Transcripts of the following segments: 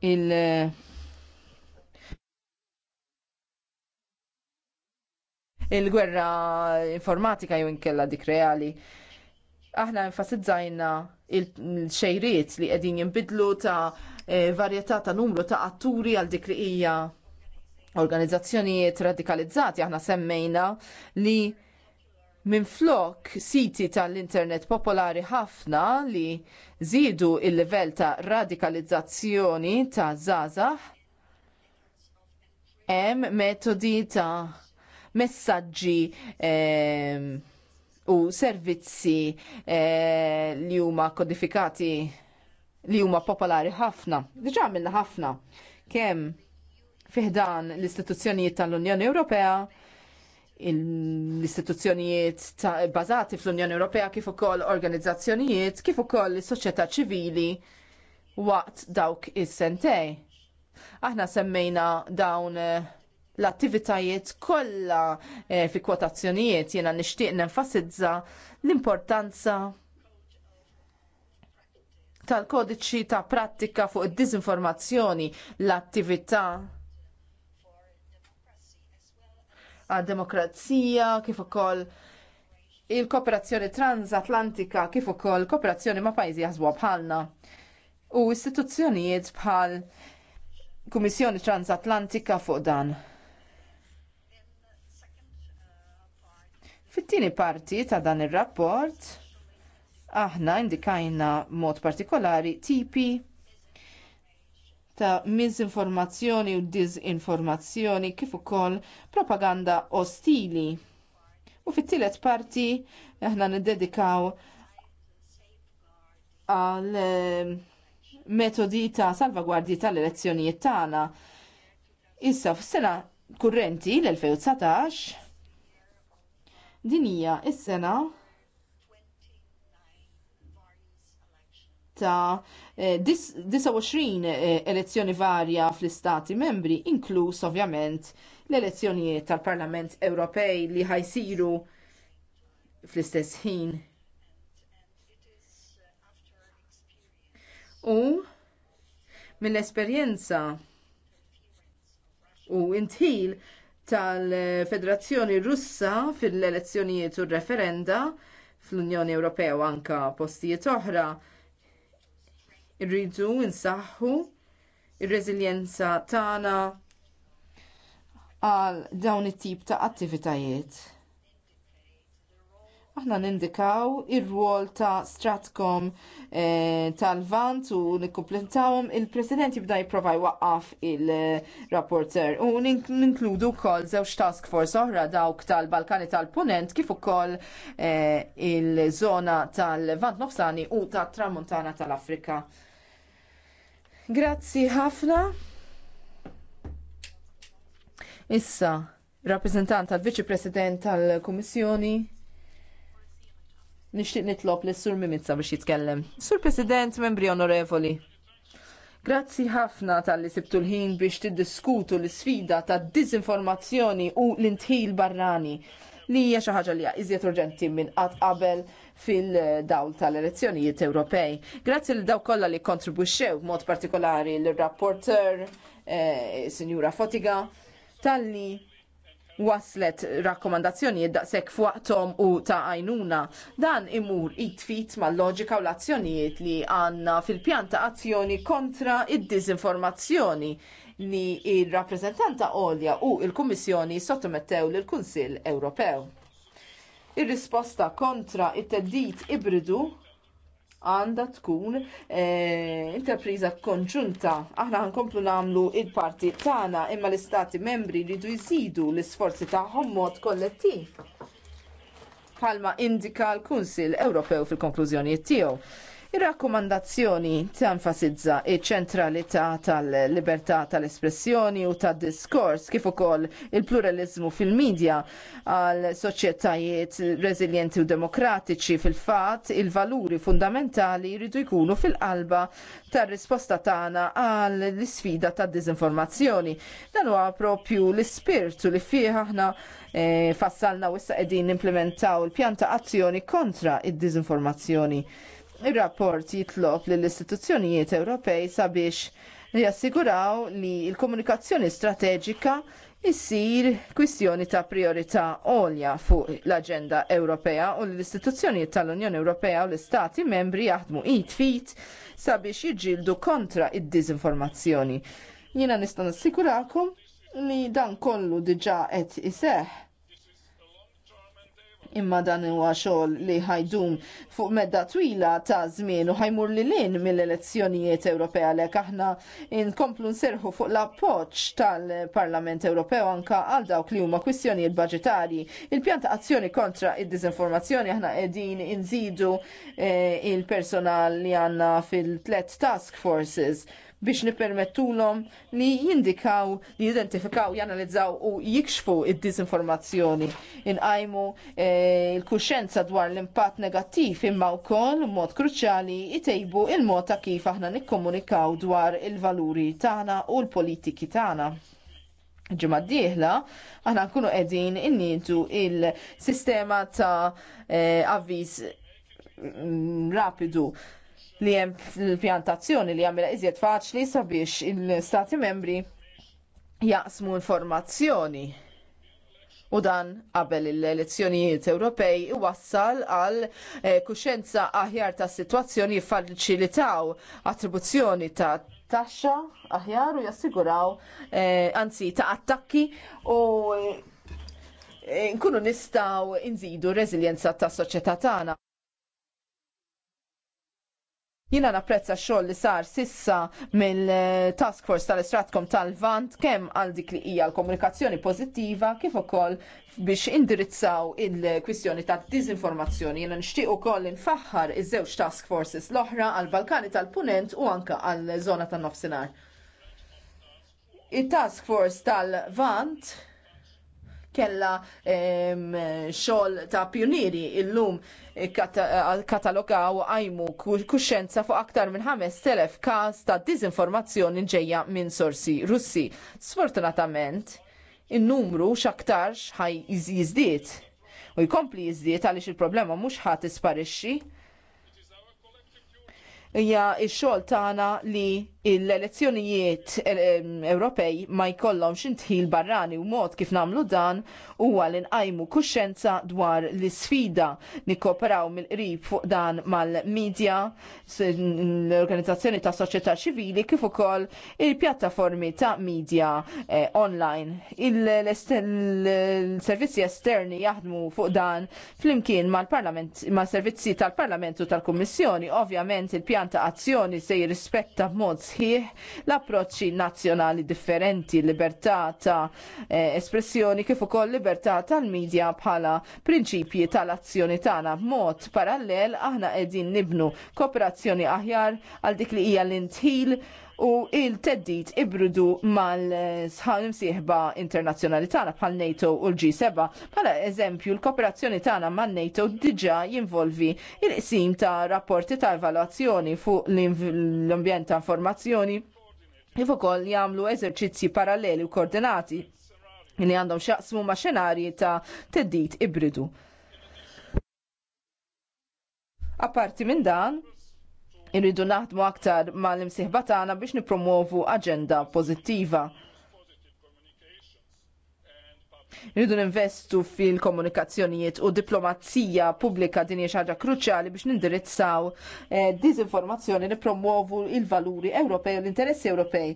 il- il-gwerra informatika jew inkella dik reali. Aħna enfasizzajna il-xejriet li qegħdin jinbidlu ta' e, varjetà ta' numru ta' atturi għal dik li hija organizzazzjonijiet radikalizzati aħna semmejna li minflok siti tal-internet popolari ħafna li żiedu l livell ta' radikalizzazzjoni ta' żgħażagħ, hemm metodi ta' messaġġi eh, u servizzi eh, li huma kodifikati li huma popolari ħafna. Diġà għamilna ħafna kemm fiħdan l-istituzzjonijiet tal-Unjoni Ewropea l-istituzzjonijiet bazati fl-Unjoni Ewropea kif ukoll organizzazzjonijiet kif ukoll is-soċjetà ċivili waqt dawk is-sentej. Aħna semmejna dawn eh, l-attivitajiet kollha eh, fi kwotazzjonijiet jiena nixtieq nenfasizza l-importanza tal-kodiċi ta' prattika fuq id-diżinformazzjoni, l-attività għad-demokrazija, kif ukoll il-kooperazzjoni transatlantika, kif ukoll kooperazzjoni ma' pajjiżi jaħsbuha bħalna. U istituzzjonijiet bħal Kummissjoni Transatlantika fuq dan. Fit-tieni parti ta' dan ir-rapport aħna indikajna mod partikolari tipi ta' miżinformazzjoni u dizinformazzjoni kif ukoll propaganda ostili. U fit-tielet parti aħna niddedikaw għal eh, metodi ta' salvagwardji tal-elezzjonijiet tagħna. Issa f'sena kurrenti l-2019 din hija s-sena ta' 29 eh, eh, elezzjoni varja fl-istati membri, inkluż ovvjament l-elezzjonijiet tal-Parlament Ewropej li ħajsiru fl-istess ħin. U mill-esperjenza u intħil tal-Federazzjoni Russa fil-elezzjonijiet u r referenda fl-Unjoni Ewropea u anke postijiet oħra irridu nsaħħu ir-reżiljenza tagħna għal dawn it-tip ta' attivitajiet. Aħna nindikaw ir-rwol ta' Stratcom e, tal-Vant u nikkumplentawhom il-President jibda jipprova jwaqqaf il-rapporter u ninkludu wkoll żewġ task force oħra dawk tal-Balkani tal-Punent kif ukoll e, eh, il-żona tal-Vant Nofsani u tat-Tramuntana tal-Afrika. Grazzi ħafna. Issa, rappresentant tal-Viċi President tal-Kummissjoni, nixtieq nitlob lis sur Mimizza biex jitkellem. Sur President, membri onorevoli. Grazzi ħafna tal-li sibtu l-ħin biex tiddiskutu l isfida tad dizinformazzjoni u l-intħil barrani li hija xi ħaġa li hija iżjed urġenti minn qatt qabel fil-dawl tal-elezzjonijiet Ewropej. Grazzi l daw kollha li kontribuxxew b'mod partikolari l-rapporter, e, eh, Sinjura Fotiga, tal-li waslet rakkomandazzjonijiet daqshekk fuqthom u ta' għajnuna. Dan imur it-tfit mal-loġika u l-azzjonijiet li għandna fil-pjanta azzjoni kontra id-dizinformazzjoni li il-rappreżentanta Olja u il-Kummissjoni sottomettew lill kunsill Ewropew. Ir-risposta kontra it-teddit ibridu għanda tkun eh, interpriża konġunta. Aħna ħankomplu namlu il-parti tagħna imma l-istati membri jridu jżidu l-isforzi tagħhom mod kollettiv. Palma indika l-Kunsil Ewropew fil-konklużjonijiet tiegħu. Ir-rakkomandazzjoni tenfasizza iċ-ċentralità tal-libertà tal-espressjoni u tad-diskors kif ukoll il-pluralizmu fil-medja għal soċjetajiet reżiljenti u demokratiċi fil-fatt il-valuri fundamentali jridu jkunu fil-qalba tar-risposta tagħna għal l-isfida tad-diżinformazzjoni. Dan huwa propju l-ispirtu li fih aħna e, fassalna wissa qegħdin implementaw il-pjanta azzjoni kontra id-diżinformazzjoni. Ir-rapport jitlob lill l-istituzzjonijiet Ewropej sabiex jassiguraw li l-komunikazzjoni strateġika issir kwistjoni ta' priorità għolja fuq l-Aġenda Ewropea u l-istituzzjonijiet tal-Unjoni Ewropea u l-Istati membri jaħdmu it-fit sabiex jiġġieldu kontra id-dizinformazzjoni. Jiena nista' nassigurakom li dan kollu diġà qed iseħħ imma dan huwa xogħol li ħajdum fuq medda twila ta' żmien u ħajmur li lin mill-elezzjonijiet Ewropea għalhekk aħna nkomplu nserħu fuq l-appoġġ tal-Parlament Ewropew anke għal dawk li huma kwistjonijiet baġitarji. Il-pjan ta' azzjoni kontra id dizinformazzjoni aħna qegħdin inżidu eh, il-personal li għandna fil-tlet task forces biex nipermettulom li jindikaw, li jidentifikaw, janalizzaw u jikxfu id-dizinformazzjoni. Inqajmu eh, il-kuxenza dwar l-impatt negattiv imma wkoll mod kruċjali jitejbu il-mod ta' kif aħna nikkomunikaw dwar il-valuri tagħna u l-politiki tagħna ġimma diħla, dieħla aħna nkunu qegħdin innintu il-sistema ta' eh, avviż mm, rapidu li hemm l-pjantazzjoni li jagħmilha iżjed faċli sabiex il-Stati membri jaqsmu informazzjoni. U dan qabel l-elezzjonijiet Ewropej iwassal għal eh, kuxenza aħjar ta' situazzjoni jiffaċilitaw attribuzzjoni ta' taxxa aħjar u jassiguraw eh, anzi ta' attakki u eh, nkunu nistaw nżidu reżiljenza tas soċjetà tagħna. Jina napprezza xoll li sar sissa mill-task force tal-estratkom tal-vant kemm għal dik li hija l-komunikazzjoni pozittiva kif ukoll biex indirizzaw il-kwistjoni ta' disinformazzjoni jina nixtieq ukoll infaħħar iż-żewġ task forces l-oħra għal Balkani tal-Punent u anka għal żona tan-nofsinhar. Il-task force tal-vant kella xogħol ta' pionieri illum eh, eh, katalogaw għajmu kuxenza fuq aktar minn 5000 każ ta' diżinformazzjoni ġejja minn sorsi Russi. Sfortunatament, in-numru x'aktarx ħaj jizdiet. u jkompli jiżdied għaliex il-problema mhux ħadd isparixxi. Ija x-xogħol tagħna li l-elezzjonijiet eh, eh, Ewropej ma jkollhomx intħil barrani u mod kif nagħmlu dan huwa li nqajmu kuxjenza dwar l-isfida nikkooperaw mill-qrib fuq dan mal-medja, l-organizzazzjoni ta' soċjetà ċivili kif ukoll il-pjattaformi ta' media eh, online. Il-servizzi esterni jaħdmu fuq dan flimkien mal-parlament, mal-servizzi tal-parlamentu tal-Kummissjoni, ovvjament il-pjan ta' azzjoni se jirrispetta b'mod sħiħ, l-approċċi nazzjonali differenti, libertà ta' eh, espressjoni kif ukoll libertà tal-medja bħala prinċipji tal-azzjoni tagħna b'mod parallel aħna qegħdin nibnu kooperazzjoni aħjar għal dik li hija l-intħil u il-teddit ibrudu mal-sħan imsieħba internazzjonali tagħna bħal NATO u l-G7. Bħala eżempju, l-kooperazzjoni tagħna man NATO diġà jinvolvi il-qsim ta' rapporti ta' evalwazzjoni fuq l-ambjent ta' informazzjoni kif ukoll jagħmlu eżerċizzji paralleli u koordinati li għandhom xaqsmu ma' xenarji ta' teddit ibridu. Apparti minn dan, Irridu naħdmu aktar mal-imsieħba tagħna biex nippromovu aġenda pożittiva. Irridu ninvestu fil-komunikazzjonijiet u diplomazija pubblika din hija ħaġa kruċjali biex nindirizzaw eh, diżinformazzjoni nippromovu il-valuri Ewropej u l-interessi Ewropej.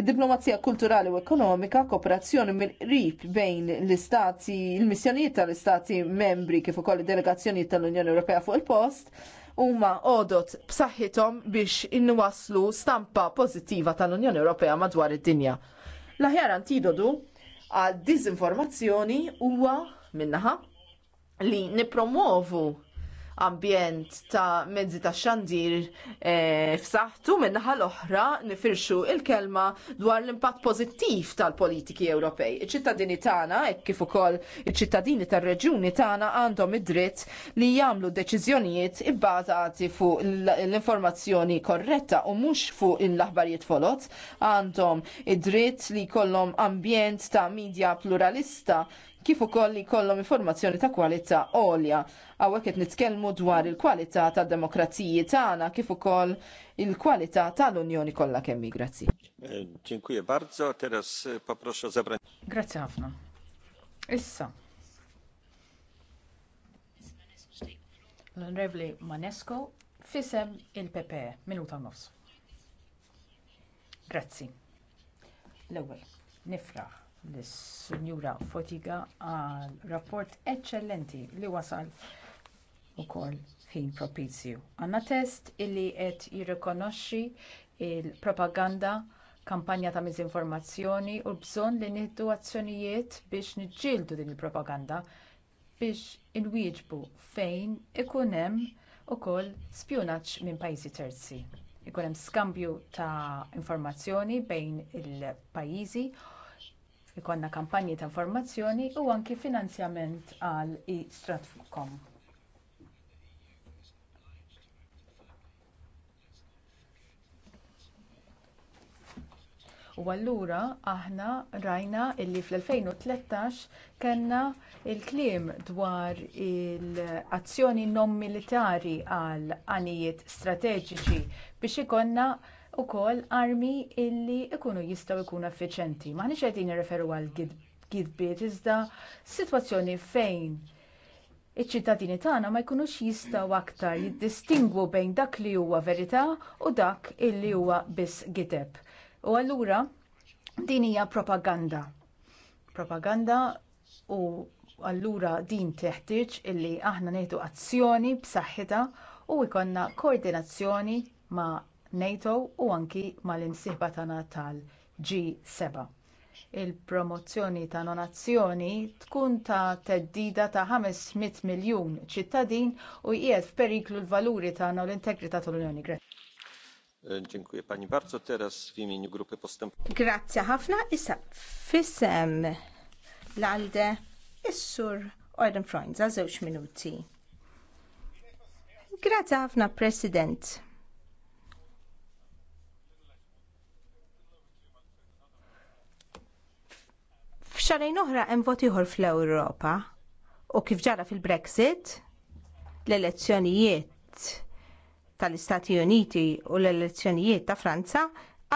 Id-diplomazija kulturali u ekonomika, kooperazzjoni mill-qrib bejn l-istati, il-missjonijiet tal-istati membri kif ukoll id-delegazzjonijiet tal-Unjoni Ewropea fuq il-post, huma għodot b'saħħithom biex inwaslu stampa pożittiva tal-Unjoni Ewropea madwar id-dinja. L-aħjar antidodu għad dizinformazzjoni huwa minnaħa li nipromovu ambjent ta' mezzi ta' xandir e, eh, f'saħtu min-naħa l-oħra nifirxu il-kelma dwar l-impatt pozittiv tal-politiki Ewropej. Iċ-ċittadini tagħna hekk kif ukoll iċ-ċittadini tar-reġjuni tagħna għandhom id-dritt li jagħmlu deċiżjonijiet ibbażati fuq l-informazzjoni korretta u mhux fuq l-aħbarijiet folot għandhom id-dritt li jkollhom ambjent ta' midja pluralista kif ukoll li jkollhom informazzjoni ta' kwalità għolja. Hawnhekk qed nitkellmu dwar il-kwalità tad-demokraziji tagħna kif ukoll il-kwalità tal-Unjoni kollha kemm grazzi. Dziękuję bardzo. Teraz e, poproszę o zabranie. Grazzi ħafna. Issa. l onrevli Manesco fisem il-PPE minuta nofs. Grazzi. L-ewwel, nifraħ lis-Sinjura Fotiga għal rapport eċċellenti li wasal ukoll ħin propizju. Għandna test illi qed jirrikonoxxi l propaganda kampanja ta' miżinformazzjoni u bżonn li nieħdu azzjonijiet biex niġġieldu din il-propaganda biex inwieġbu fejn ikun hemm ukoll spjunaġġ minn pajjiżi terzi. Ikun hemm skambju ta' informazzjoni bejn il-pajjiżi Ikonna kampanji ta' informazzjoni u anki finanzjament għal e-stratcom. U allura aħna rajna illi fl-2013 kellna l kliem dwar il-azzjoni non militari għal għanijiet strateġiċi biex ikonna kol armi illi ikunu jistgħu jkunu effiċenti. Maħniex qegħdin nirreferu għal gidbiet iżda sitwazzjoni fejn iċ-ċittadini tagħna ma jkunux jistgħu aktar jiddistingwu bejn dak li huwa verità u dak illi huwa biss gideb. U allura din hija propaganda. Propaganda u allura din teħtieġ illi aħna nieħdu azzjoni b'saħħitha u jkollna koordinazzjoni ma' NATO u anki mal-imsieħba tagħna tal-G7. Il-promozzjoni ta' nonazzjoni tkun ta' theddida ta' 500 miljun ċittadin u jqiegħed f'periklu l-valuri tagħna u l-integrità tal-Unjoni. E, dziękuję pani bardzo. Teraz w imieniu grupy postęp. Grazie ħafna. Issa fisem l-alde is-sur Orden Freund za żewġ minuti. Grazie ħafna President. Xarajn oħra hemm voti ieħor fl-Ewropa u kif ġara fil-Brexit, l-elezzjonijiet tal-Istati Uniti u l-elezzjonijiet ta' Franza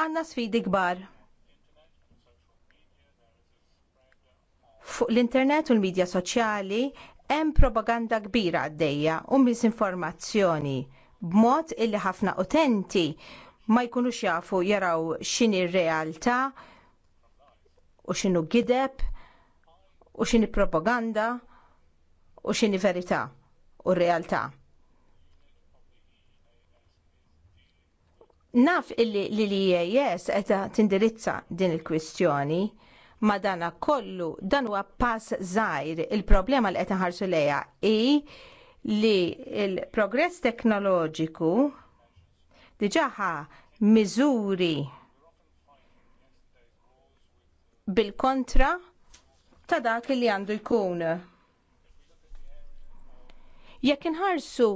għandna sfidi kbar. Fuq l-internet u l-medja soċjali hemm propaganda kbira għaddejja u misinformazzjoni b'mod illi ħafna utenti ma jkunux jafu jaraw x'inhi r-realtà u x'inhu gideb u x'inhi propaganda u x'inhi verità u realtà. Naf illi li li jes qed tindirizza din il-kwistjoni ma dana kollu dan huwa pass żgħir il-problema li qed ħarsu lejha hi li l-progress teknoloġiku diġaħa miżuri bil-kontra ta' dak li għandu jkun. Jekk inħarsu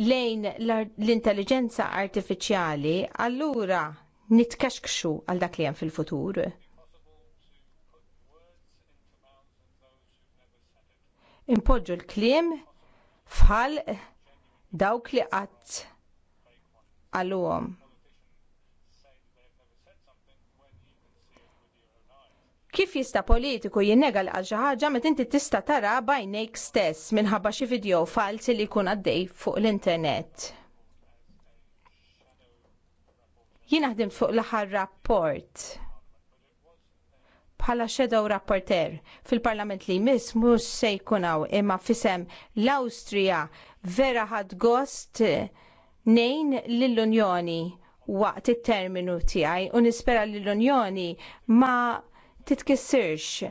lejn l-intelligenza artifiċjali, allura nitkaxkxu għal dak li hemm fil-futur. Impoġġu l-kliem fħal dawk li qatt għalhom. Kif jista politiku jinnega l xi ħaġa meta inti tista' tara bajnejk stess minħabba xi video falsi li jkun għaddej fuq l-internet? Jien ħdimt fuq l-aħħar rapport bħala shadow rapporter fil-parlament li jmiss mhux se jkun hawn imma fisem l-Awstrija vera ħad gost nejn lill-Unjoni waqt it-terminu tiegħi u nispera li l-Unjoni ma' titkissirx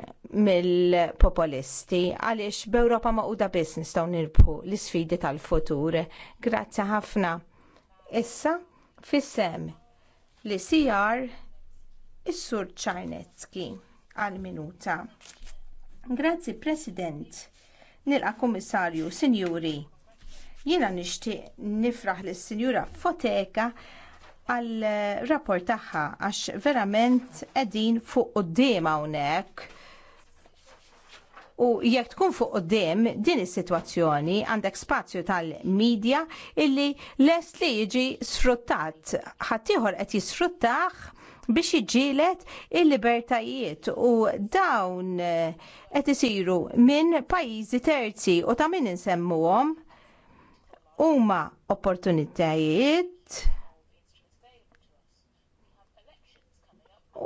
mill-populisti għaliex b'Ewropa maquda biss nistgħu nirbħu l-isfidi tal-futur. Grazzi ħafna. Issa fissem li sijar is-sur Czarnecki għal minuta. Grazzi President, nilqa Kummissarju, Sinjuri. Jiena nixtieq nifraħ lis sinjura Foteka għal rapport tagħha għax verament qegħdin fuq quddiem hawnhekk. U jekk tkun fuq qudiem din is-sitwazzjoni għandek spazju tal-medja illi lest li jiġi sfruttat. ieħor qed jisfruttah biex iġġielet il-libertajiet u dawn eh, qed isiru minn pajjiżi terzi u ta' min insemmuhom huma opportunitajiet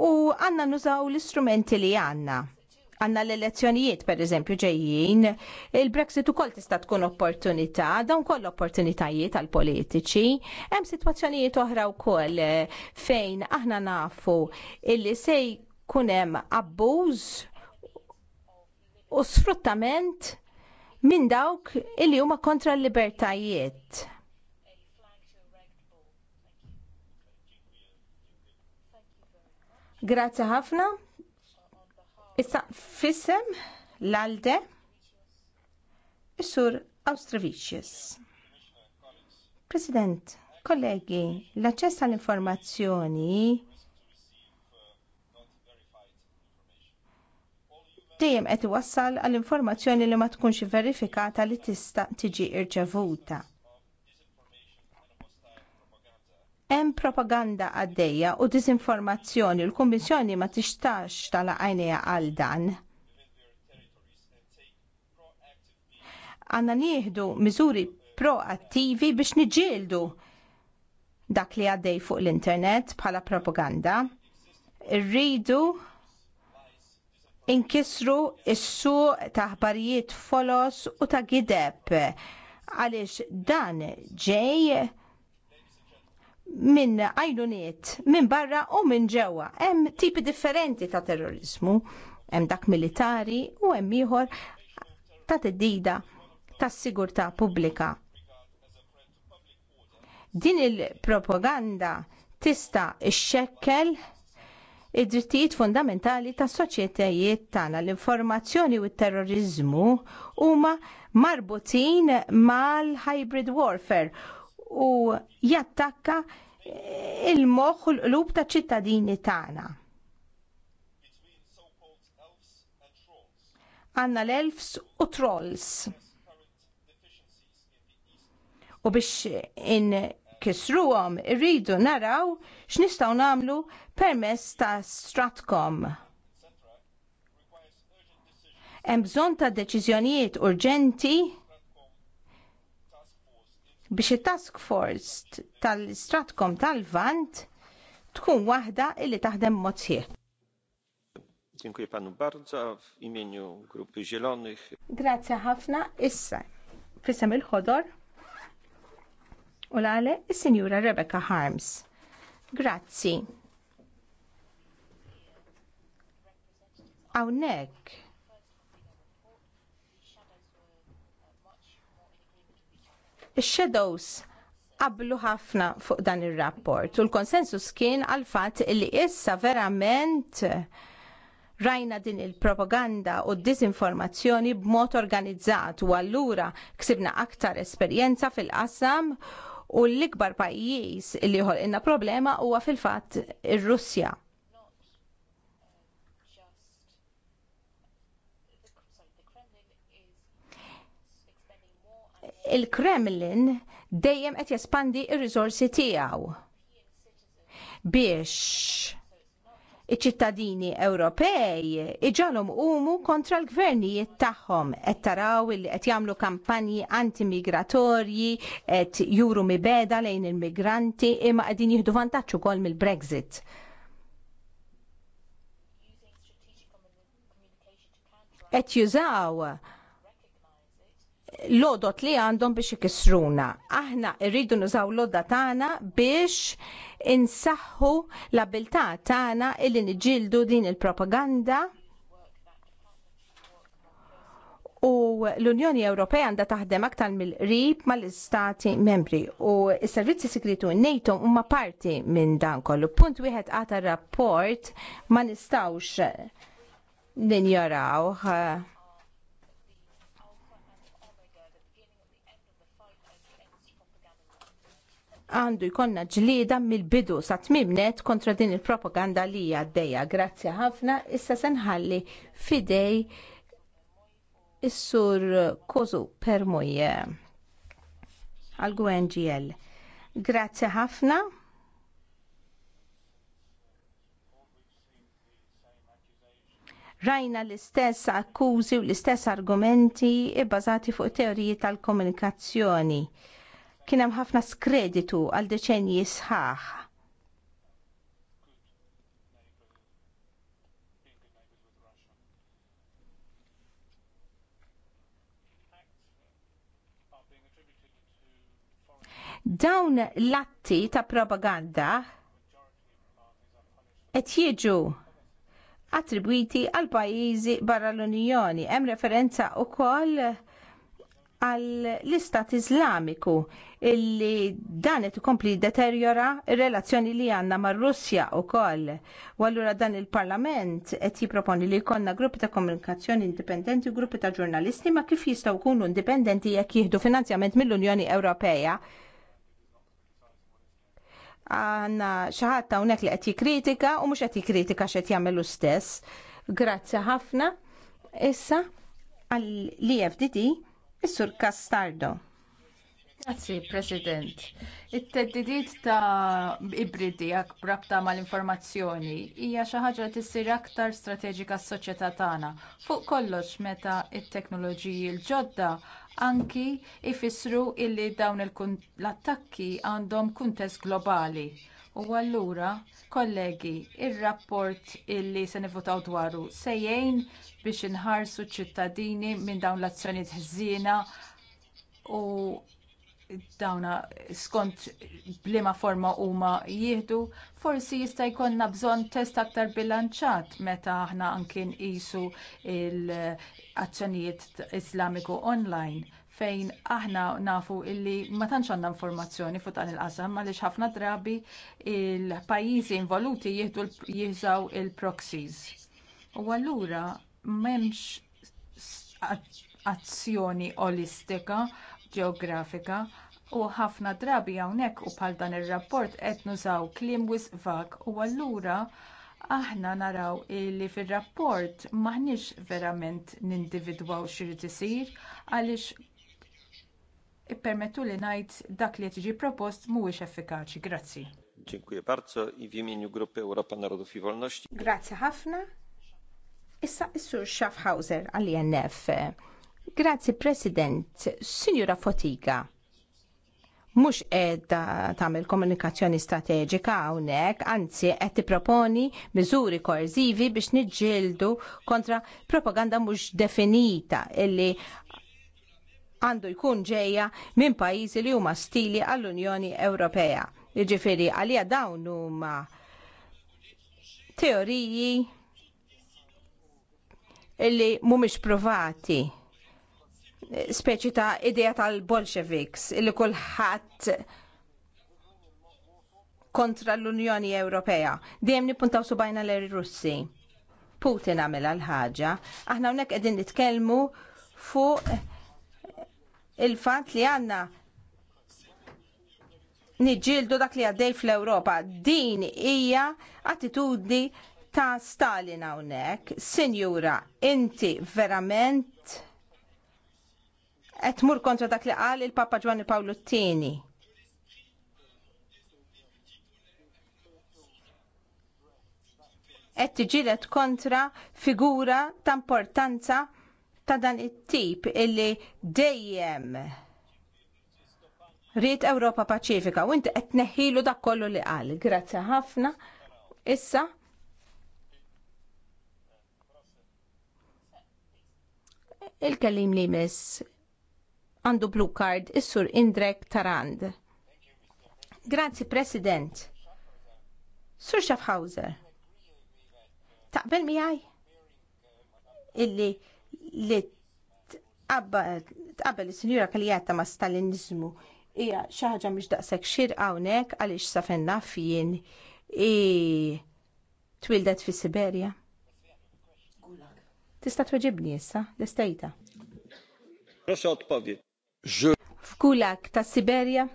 u għanna nużaw l-istrumenti li għanna għanna l-elezzjonijiet per eżempju ġejjin, il-Brexit ukoll tista' tkun opportunità, dawn koll opportunitajiet għal politiċi, hemm sitwazzjonijiet oħra wkoll eh, fejn aħna nafu illi se jkun hemm abbuż u sfruttament minn dawk illi huma kontra l-libertajiet Grazzi ħafna. Issa fissem l-alde is-sur Austrovicius. President, kollegi, l-aċċess għall-informazzjoni dejjem qed iwassal għall informazzjoni li ma tkunx verifikata li tista' tiġi rċevuta. Hemm propaganda għaddejja u disinformazzjoni l-Kummissjoni ma tixtax tala għajnija għal dan. Għanna nieħdu miżuri proattivi biex niġieldu dak li għaddej fuq l-internet bħala propaganda. Rridu inkisru is-suq ta' ħbarijiet folos u ta' gideb għaliex dan ġej minn għajnuniet, minn barra u minn ġewwa. Hemm tipi differenti ta' terrorizmu, hemm dak militari u hemm ieħor ta' teddida tas-sigurtà pubblika. Din il-propaganda tista' xxekkel id-drittijiet fundamentali tas soċjetajiet tagħna l-informazzjoni u t-terrorizmu huma marbutin mal-hybrid warfare u jattakka il-moħħ u l-qlub ta' ċittadini tagħna. Għanna l-elfs u trolls. U biex in kisruhom irridu naraw x'nistgħu nagħmlu permess ta' Stratcom. Hemm bżonn ta' deċiżjonijiet urġenti biex it-task force tal-Stratcom tal-Vant tkun waħda illi taħdem mod Dziękuję panu bardzo w imieniu Grupy Zielonych. Grazie ħafna issa. fissam il-ħodor u l-għale il-Sinjura Rebecca Harms. Grazzi. Awnek Ix-shadows qablu ħafna fuq dan ir-rapport u l-konsensus kien għal fatt li issa verament rajna din il-propaganda u d b'mod organizzat u allura ksibna aktar esperjenza fil-qasam u l-ikbar pajjiż li ħolqilna problema huwa fil-fatt ir-Russja. il-Kremlin dejjem qed jespandi r-riżorsi tiegħu biex iċ-ċittadini Ewropej iġalhom umu kontra l-gvernijiet tagħhom qed taraw li qed jagħmlu kampanji antimigratorji qed juru mibeda lejn il-migranti imma qegħdin jieħdu vantaġġ ukoll mill-Brexit. Qed jużaw lodot li għandhom biex ikisruna. Aħna rridu nużaw l-odda tagħna biex insaħħu l-abilità tagħna illi niġġieldu din il-propaganda u l-Unjoni Ewropea għandha taħdem aktar mill-qrib mal-istati membri u s-servizzi segretu NATO huma parti minn dan kollu. Punt wieħed għata rapport ma nistawx ninjorawh għandu jkollna ġlieda mill-bidu sa tmimnet kontra din il-propaganda li hija għaddejja. Grazzi ħafna, issa se nħalli fidej is-sur Kozu Permuje għal-GNGL. Grazzi ħafna. rajna l-istess akkużi u l-istess argumenti bbażati fuq teoriji tal-komunikazzjoni. Kien hemm ħafna skreditu għal deċenji sħaħ. Dawn l-atti ta' propaganda qed jiġu attribwiti għal pajjiżi barra l-Unjoni. Hemm referenza wkoll għall-istat iżlamiku illi dan qed ikompli deterjora r-relazzjoni li għandna mar-Russja wkoll. U allura dan il-Parlament qed jipproponi li jkollna gruppi ta' komunikazzjoni indipendenti u gruppi ta' ġurnalisti ma kif jistgħu jkunu indipendenti jekk jieħdu finanzjament mill-Unjoni Ewropea. Għanna xaħat ta' unek li qed jikkritika u mhux qed jikkritika x'qed jagħmel stess. Grazzi ħafna. Issa għall-EFDD Is-Sur Castardo. Grazzi, President. It-teddidiet ta' ibridi għak brabta mal informazzjoni hija xi ħaġa li tissir aktar strateġika s-soċjetà tagħna. Fuq kollox meta t-teknoloġiji l-ġodda anki ifissru illi dawn l-attakki għandhom kuntest globali. U allura, kollegi, ir-rapport illi se nivvotaw dwaru se jgħin biex inħarsu ċ-ċittadini minn dawn l-azzjonijiet ħżiena u dawna skont bliema forma huma jieħdu, forsi jista' jkollna bżonn test aktar bilanċat meta aħna anke nqisu l-azzjonijiet Islamiku online fejn aħna nafu illi ma tantx għandna informazzjoni fuq dan il-qasam għaliex ħafna drabi il-pajjiżi involuti jieħdu jiżaw il-proxies. U allura m'hemmx azzjoni olistika ġeografika u ħafna drabi hawnhekk u bħal dan ir-rapport qed nużaw kliem wisq vag u allura aħna naraw li fir-rapport maħniex verament nindividwaw x'irid isir għaliex ippermettu li ngħid dak li qed jiġi propost mhuwiex effikaċi. Grazzi. Dziękuję bardzo i w imieniu Grupy Europa Narodów i Wolności. Grazie ħafna. Issa is-Sur Schaffhauser għal inf Grazzi President, Sinjura Fotiga. Mhux qed tagħmel komunikazzjoni strateġika hawnhekk, anzi qed tipproponi miżuri korzivi biex niġġieldu kontra propaganda mhux definita illi għandu jkun ġejja minn pajjiżi li huma stili għall-Unjoni Ewropea. Jiġifieri għalija dawn huma teoriji illi mhumiex provati speċi ta' idea tal-Bolsheviks illi kulħadd kontra l-Unjoni Ewropea. Dejjem nippuntaw subajna l russi Putin għamel għal ħaġa. Aħna hawnhekk qegħdin nitkellmu fuq il-fat li għanna niġġieldu dak li għaddej fl-Ewropa. Din hija attitudni ta' Stalin hawnhekk. Sinjura, inti verament qed mur kontra dak li qal il-Papa Ġwanni Pawlu t-tieni. Qed tiġilet kontra figura ta' importanza ta' dan it-tip illi dejjem rrit Ewropa Paċifika u inti qed neħilu dak kollu li qal. Grazzi ħafna. Issa il-kellim li miss għandu blue card is-sur Indrek Tarand. Grazzi President. Sur Schaffhauser. Taqbel miegħi? Illi li tqabbel is-sinjura kalijata ma' Stalinizmu hija xi ħaġa mhix daqshekk xirqa hawnhekk għaliex sa fejn naf jien twildet fi Siberja. Tista' tweġibni issa, l-istejta. F'kulak ta' Siberja?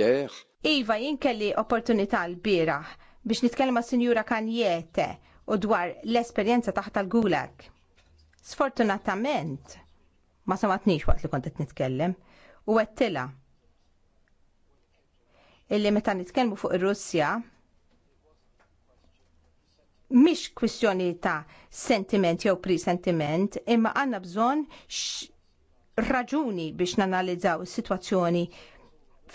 Iva, jien kelli opportunità l bira biex nitkellem ma' Sinjura Kanjete u dwar l-esperjenza taħt tal gulak Sfortunatament, ma samatnix waqt li kont qed nitkellem, u għettila illi meta nitkellmu fuq ir-Russja mhix kwistjoni ta' sentiment jew presentiment, imma għandna bżonn raġuni biex nanalizzaw is-sitwazzjoni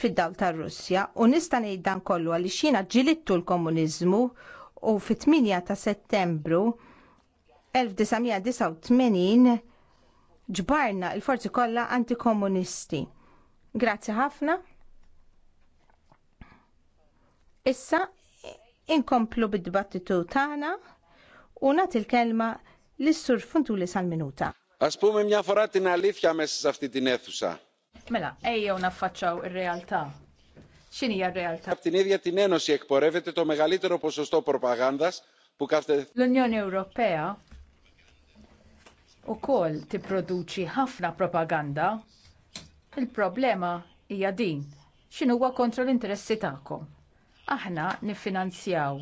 fid-dawl tar-Russja u nista' ngħid dan kollu għaliex jiena ġilittu l-komuniżmu u fit-8 ta' Settembru 1989 ġbarna l forzi kollha antikomunisti. Grazzi ħafna. Issa inkomplu bid-dibattitu tagħna u nagħti l-kelma lis-Sur Funtuli sal-minuta. Għaspum imja forat inħalifja mess safti din ethusa. Mela, ejjew naffaċċaw ir-realtà. X'inhi r-realtà? Απ' την ίδια την Ένωση εκπορεύεται το μεγαλύτερο ποσοστό προπαγάνδας που κάθε... L-Unjoni Ewropea ukoll tipproduċi ħafna propaganda. Il-problema hija din. X'inhuwa kontra l-interessi tagħkom? Aħna niffinanzjaw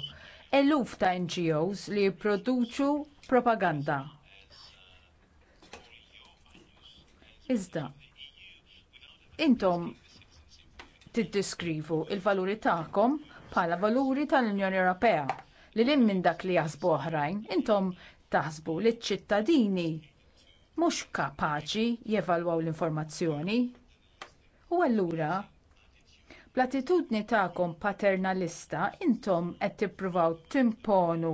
eluf ta' NGOs li jipproduċu propaganda. Iżda, intom tiddiskrivu l valuri tagħkom bħala valuri tal-Unjoni Ewropea li l minn dak li jaħsbu oħrajn, intom taħsbu li ċ-ċittadini mhux kapaċi jevalwaw l-informazzjoni. U allura bl-attitudni tagħkom paternalista intom qed tippruvaw timponu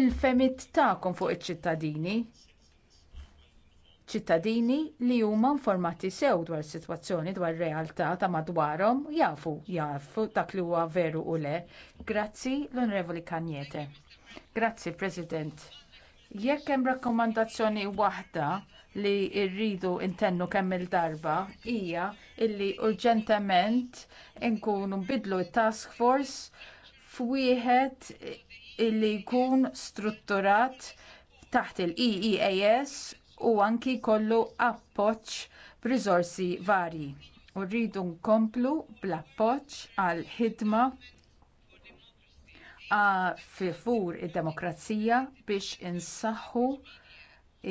il-femit tagħkom fuq iċ-ċittadini ċittadini li huma informati sew dwar is-sitwazzjoni dwar ir-realtà ta' madwarhom jafu jafu dak li huwa veru u le. Grazzi l-Onorevoli Kanjete. Grazzi President. Jekk hemm rakkomandazzjoni waħda li rridu intennu kemm il-darba hija li urġentement nkunu nbidlu t-task force f'wieħed illi jkun strutturat taħt il-EEAS u anki jkollu appoġġ b'riżorsi varji. U rridu nkomplu bl-appoġġ għal ħidma fur id-demokrazija biex insaħħu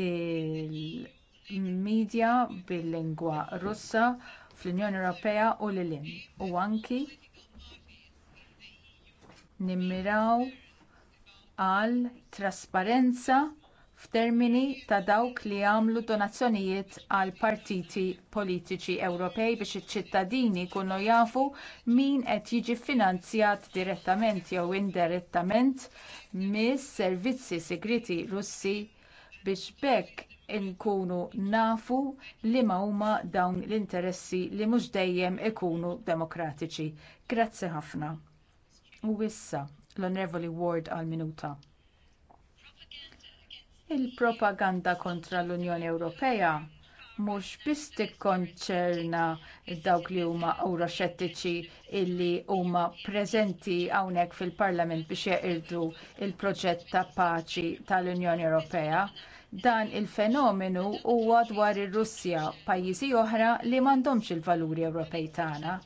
il-medja bil-lingwa Russa fl-Unjoni Ewropea u lilin u anki nimmiraw għal trasparenza f'termini ta' dawk li għamlu donazzjonijiet għal partiti politiċi Ewropej biex iċ-ċittadini jkunu jafu min qed jiġi finanzjat direttament jew indirettament mis-servizzi segreti Russi biex bekk inkunu nafu liema huma dawn l-interessi li mhux dejjem ikunu demokratiċi. Grazzi ħafna. U issa l-Onorevoli Ward għal minuta il-propaganda kontra l-unjoni ewropea mhux biss tikkonċerna dawk li huma euroxettiċi li huma preżenti hawnhekk fil-Parlament biex jeqirdu l proġett ta' paċi tal-Unjoni Ewropea. Dan il-fenomenu huwa dwar ir-Russja, pajjiżi oħra li m'għandhomx il-valuri Ewropej tagħna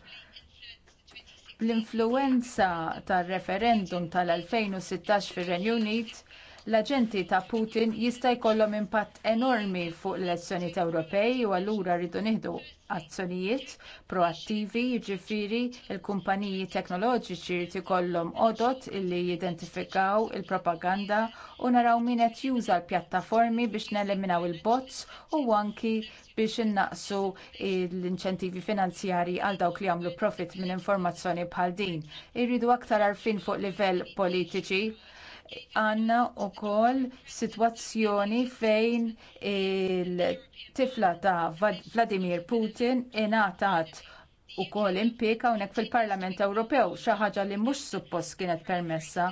l-influwenza tar referendum tal-2016 fir-Renju Unit l-aġenti ta' Putin jista' jkollhom impatt enormi fuq l-elezzjonijiet Ewropej u allura rridu nieħdu azzjonijiet proattivi, jiġifieri l kumpaniji teknoloġiċi jrid ikollhom għodot illi jidentifikaw il-propaganda u naraw min qed juża l-pjattaformi biex neliminaw il-bots u anki biex innaqsu l-inċentivi finanzjarji għal dawk li jagħmlu profit minn informazzjoni bħal din. Irridu aktar għarfien fuq livell politiċi għanna u koll situazzjoni fejn il-tifla ta' Vladimir Putin ingħatat ukoll impjieg hawnhekk fil-Parlament Ewropew xi ħaġa li mhux suppost kienet permessa.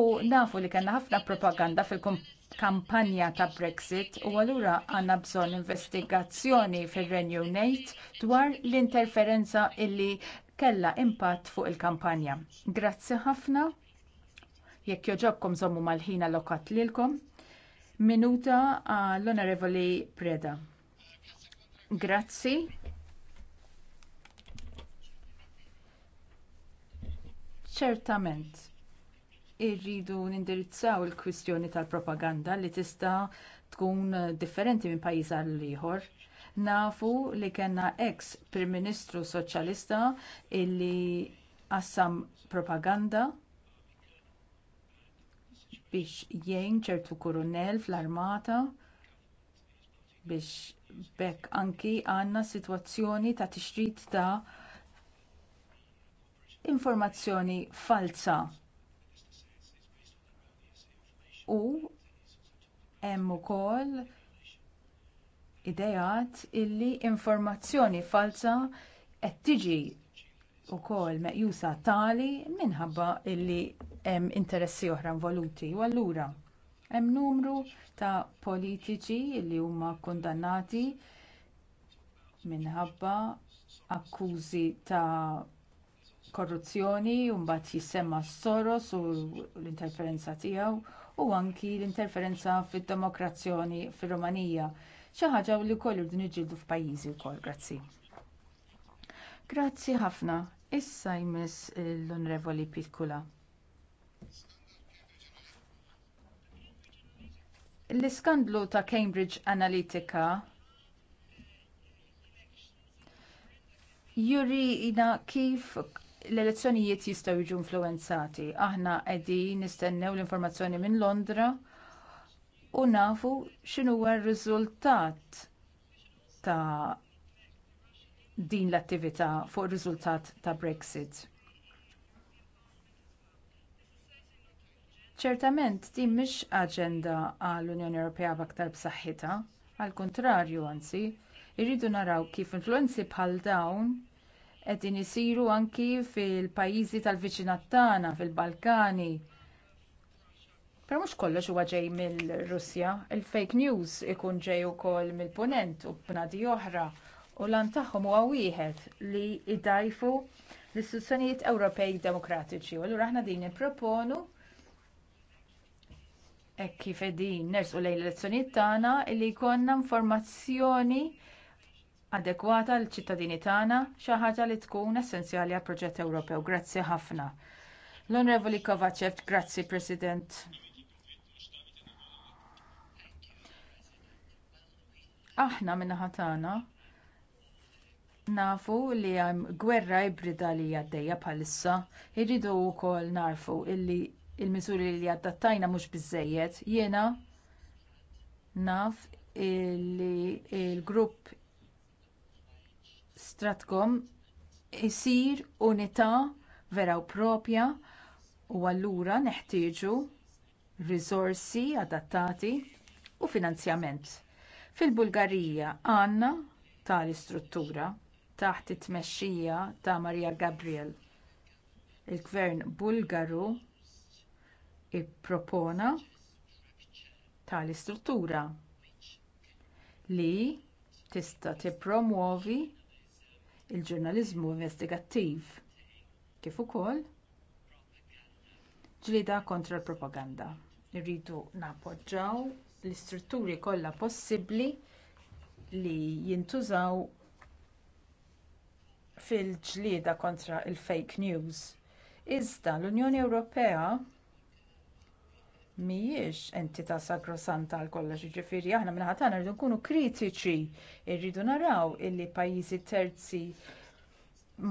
U nafu li kellna ħafna propaganda fil-kampanja ta' Brexit u allura għandna bżonn investigazzjoni fir-Renju Unit dwar l-interferenza illi kellha impatt fuq il-kampanja. Grazzi ħafna. Jekk joġobkom żommu mal-ħin allokat lilkom. Minuta għall-Onorevoli Preda. Grazzi. Ċertament irridu nindirizzaw il-kwistjoni tal-propaganda li tista' tkun differenti minn pajjiż għal ieħor. Nafu li kellna ex Prim Ministru Soċjalista illi qassam propaganda biex jgħin ċertu kurunell fl-armata biex bekk anki għandna sitwazzjoni ta' tixrid ta' informazzjoni falsa u hemm ukoll ideat illi informazzjoni falsa qed tiġi wkoll meqjusa tali minħabba illi hemm interessi oħra involuti u allura hemm numru ta' politiċi li huma kkundannati minħabba akkużi ta' korruzzjoni u mbagħad jissemma Soros u l-interferenza tiegħu u anki l-interferenza fid-demokrazzjoni fir-Rumanija xi ħaġa li kollu din iġġieldu f'pajjiżi wkoll grazzi. Grazzi ħafna. Issa jmiss l onrevoli Pitkula. L-iskandlu ta' Cambridge Analytica jurina kif l-elezzjonijiet jistgħu jiġu influwenzati. Aħna qegħdin nistennew l-informazzjoni minn Londra u nafu x'inhu r-riżultat ta' din l-attività fuq ir-riżultat ta' Brexit. ċertament din mhix aġenda għall-unjoni ewropea b'aktar b'saħħitha għall-kuntrarju anzi irridu naraw kif influwenzi bħal dawn qegħdin isiru anki fil-pajjiżi tal-viċinat tagħna fil-balkani però mhux kollox huwa ġej mill-russja il-fake news ikun ġej ukoll mill-punent u b'nadi oħra u lan tagħhom huwa wieħed li jdajfu l-istituzzjonijiet Ewropej Demokratiċi u aħna din nipproponu E kif edin nersqu lejn l-elezzjonijiet tagħna li jkollna informazzjoni adekwata liċ ċittadini tagħna xi ħaġa li tkun essenzjali għall proġett Ewropew. Grazzi ħafna. L-Onorevoli Kovacev, grazzi President. Aħna min-naħa tagħna nafu li hemm gwerra ibrida li għaddejja bħalissa, irridu wkoll narfu illi il-miżuri li adattajna mhux biżżejjed, jiena naf li l grupp Stratcom isir unità vera u proprja u allura neħtieġu risorsi adattati u finanzjament. Fil-Bulgarija għandna tali struttura taħt it-tmexxija ta' Marija Gabriel. Il-Gvern Bulgaru ippropona tali struttura li tista' tippromuovi l-ġurnaliżmu investigattiv kif ukoll ġlieda kontra l-propaganda. Irridu nappoġġjaw l-istrutturi kollha possibbli li jintużaw fil-ġlieda kontra l-fake news. Iżda l-Unjoni Ewropea mhijiex entità sakrosanta għal kollox, jiġifieri aħna minn ħadd rridu nkunu kritiċi, rridu naraw illi pajjiżi terzi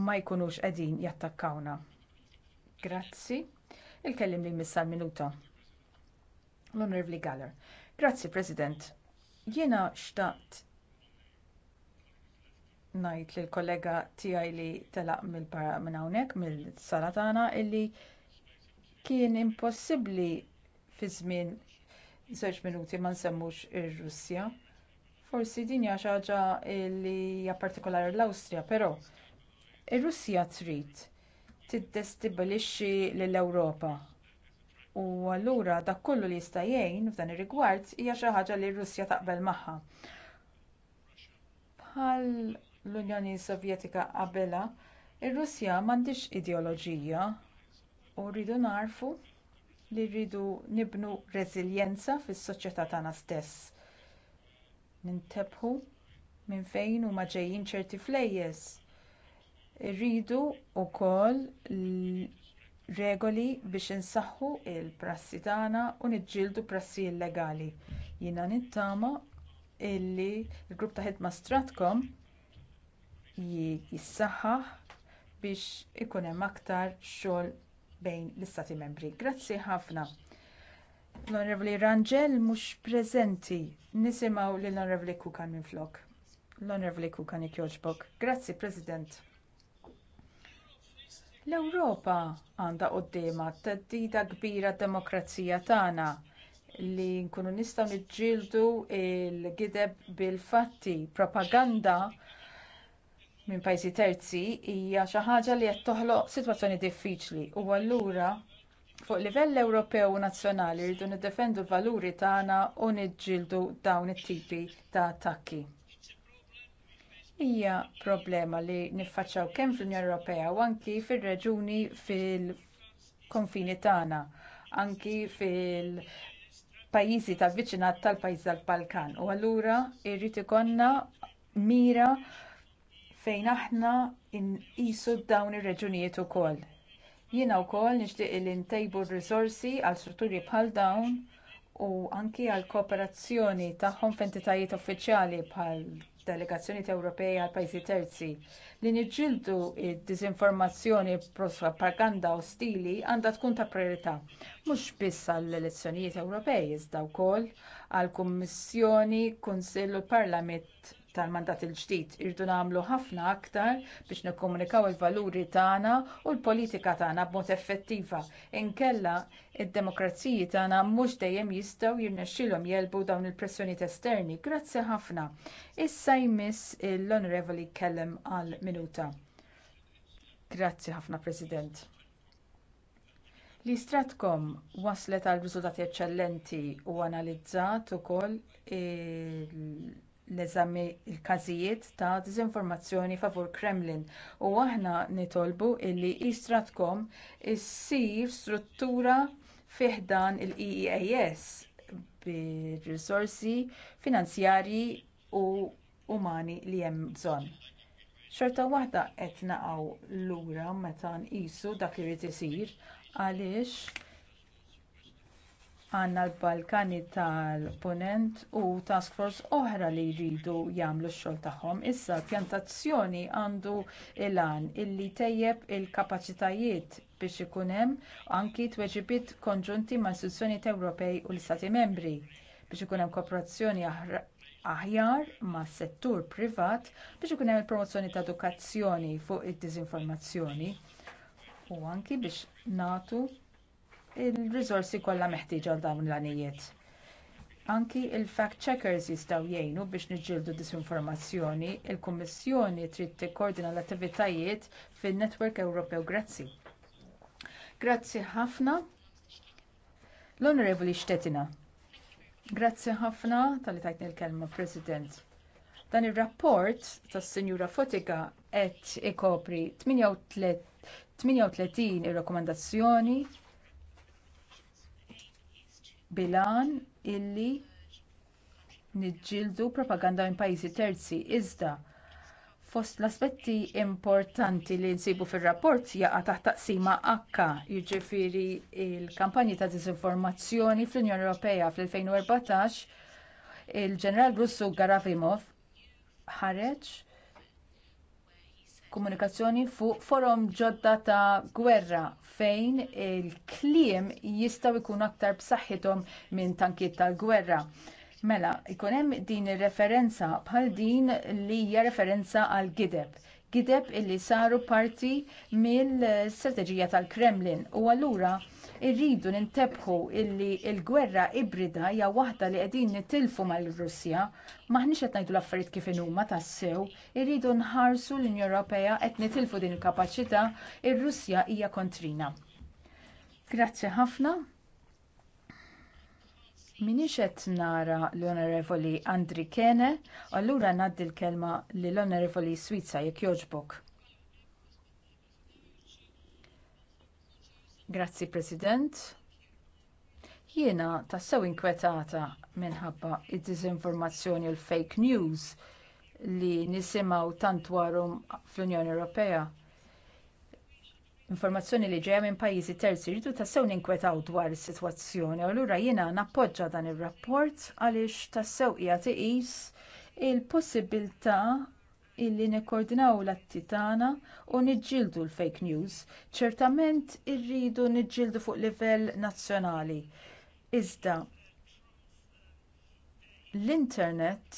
ma jkunux qegħdin jattakkawna. Grazzi. Il-kellim li missa minuta. L-Onorevli Galler. Grazzi, President. Jiena xtaqt ngħid lill kollega tiegħi li telaq mill-para minn hawnhekk mill-sala tagħna illi kien impossibbli fi żmien żewġ minuti ma nsemmux ir-Russja. Forsi din hija xi ħaġa li hija partikolari l-Awstrija, però ir-Russja trid tiddestibilixxi lill-Ewropa. U allura dak kollu li jista' jgħin f'dan ir-rigward hija xi ħaġa li r-Russja taqbel magħha. Bħal l-Unjoni Sovjetika qabelha, ir-Russja m'għandix ideoloġija u rridu narfu li rridu nibnu reżiljenza fis-soċjetà tagħna stess. Nintebħu minn fejn huma ġejjin ċerti flejjes. Irridu wkoll regoli biex insaħħu l prassi tagħna u niġġieldu prassi illegali. Jiena nittama illi l-grupp ta' ħidma Stratcom jissaħħaħ biex ikun hemm aktar xogħol bejn l-Istati membri. Grazzi ħafna. L-Onorevoli Rangel mhux preżenti. Nisimgħu l onorevoli Kukan minflok. L-Onorevoli Kukan ikjoġbok. Grazzi, President. L-Ewropa għandha qudiemha theddida kbira d-demokrazija tagħna li nkunu nistgħu niġġieldu l-gideb bil-fatti propaganda minn pajjiżi terzi hija xi ħaġa li qed toħloq sitwazzjoni diffiċli u allura fuq livell Ewropew u nazzjonali rridu niddefendu l-valuri tagħna u niġġieldu dawn it-tipi ta' attakki. Hija problema li niffaċċjaw kemm fl-Unjoni Ewropea u anki fir-reġuni fil-konfini tagħna, anki fil- pajjiżi tal-viċinat tal-pajjiż tal-Balkan. U allura jrid ikollna mira fejn aħna nqisu dawn ir-reġunijiet ukoll. Jiena wkoll nixtieq li ntejbu r-risorsi għal strutturi bħal dawn u anki għal kooperazzjoni tagħhom f'entitajiet uffiċjali bħal delegazzjoni Ewropej għal pajjiżi terzi li niġġieldu d-diżinformazzjoni propaganda ostili għandha tkun ta' priorità mhux biss għall-elezzjonijiet Ewropej iżda wkoll għall kummissjoni, Kunsill u Parlament tal-mandat il-ġdid irdu nagħmlu ħafna aktar biex nikkomunikaw il-valuri tagħna u l-politika tagħna b'mod effettiva. Inkella id-demokraziji tagħna mhux dejjem jistgħu jirnexxilhom jelbu dawn il-pressjonijiet esterni. Grazzi ħafna. Issa jmiss l-Onorevoli Kellem għal minuta. Grazzi ħafna President. Li stratkom waslet għal riżultati eċċellenti u analizzat ukoll il l l-każijiet ta' diżinformazzjoni favur Kremlin u aħna nitolbu illi Istratcom issir struttura fih dan il-EEAS bir-risorsi finanzjarji u umani li hemm bżonn. Xorta waħda qed naqgħu lura meta nqisu dak li jrid isir għaliex għandna l-Balkani tal-Punent u task force oħra li jridu jagħmlu x-xogħol tagħhom. Issa pjantazzjoni għandu ilan għan illi tejjeb il-kapaċitajiet biex ikun hemm anki tweġibiet konġunti mal istituzzjonijiet Ewropej u l-Istati Membri biex ikun hemm kooperazzjoni aħjar mas settur privat biex ikun hemm il-promozzjoni ta' edukazzjoni fuq id-diżinformazzjoni u anki biex nagħtu il rizorsi kollha meħtieġa għal dawn l-għanijiet. Anki il-fact checkers jistgħu jgħinu biex niġġieldu disinformazzjoni, il-Kummissjoni trid tikkoordina l-attivitajiet fin-Netwerk Ewropew Grazzi. Grazzi ħafna. L-Onorevoli Xtetina. Grazzi ħafna tal-li tajtni l-kelma, President. Dan ir rapport tas-Sinjura Fotika qed ikopri 38 ir-rakkomandazzjoni bilan illi niġġieldu propaganda minn pajjiżi terzi iżda fost l-aspetti importanti li nsibu fir-rapport jaqa' taħt taqsima akka jiġifieri l-kampanji ta' diżinformazzjoni fl-Unjoni Ewropea fl-2014 il-ġeneral Russu Garavimov ħareġ komunikazzjoni fuq forum ġodda ta' gwerra fejn il-kliem jistgħu jkunu aktar b'saħħithom minn tankiet tal-gwerra. Mela, ikun hemm din ir-referenza bħal din li hija referenza għal gideb. Gideb illi saru parti mill-strateġija tal-Kremlin u allura Irridu nintebħu illi l-gwerra ibrida hija waħda li qegħdin nitilfu mal-Russja, maħniex qed ngħidu l-affarijiet kif huma tassew, irridu nħarsu l-Unjoni Ewropea qed nitilfu din il-kapaċità, ir-Russja hija kontrina. Grazzi ħafna. Minix qed nara l-Onorevoli Andri Kene, allura ngħaddi l-kelma lill-Onorevoli Swizza jekk jogħġbok. Grazzi President. Jiena tassew inkwetata minħabba id-dizinformazzjoni u l-fake news li nisimgħu tant warum fl-Unjoni Ewropea informazzjoni li ġejja minn pajjiżi terzi ta' tassew ninkwetaw dwar is-sitwazzjoni u lura jiena nappoġġa dan ir-rapport għaliex tassew qiegħed iqis il-possibilità illi nikkoordinaw l-atti tagħna u niġġieldu l-fake news. Ċertament irridu niġġieldu fuq livell nazzjonali. Iżda l-internet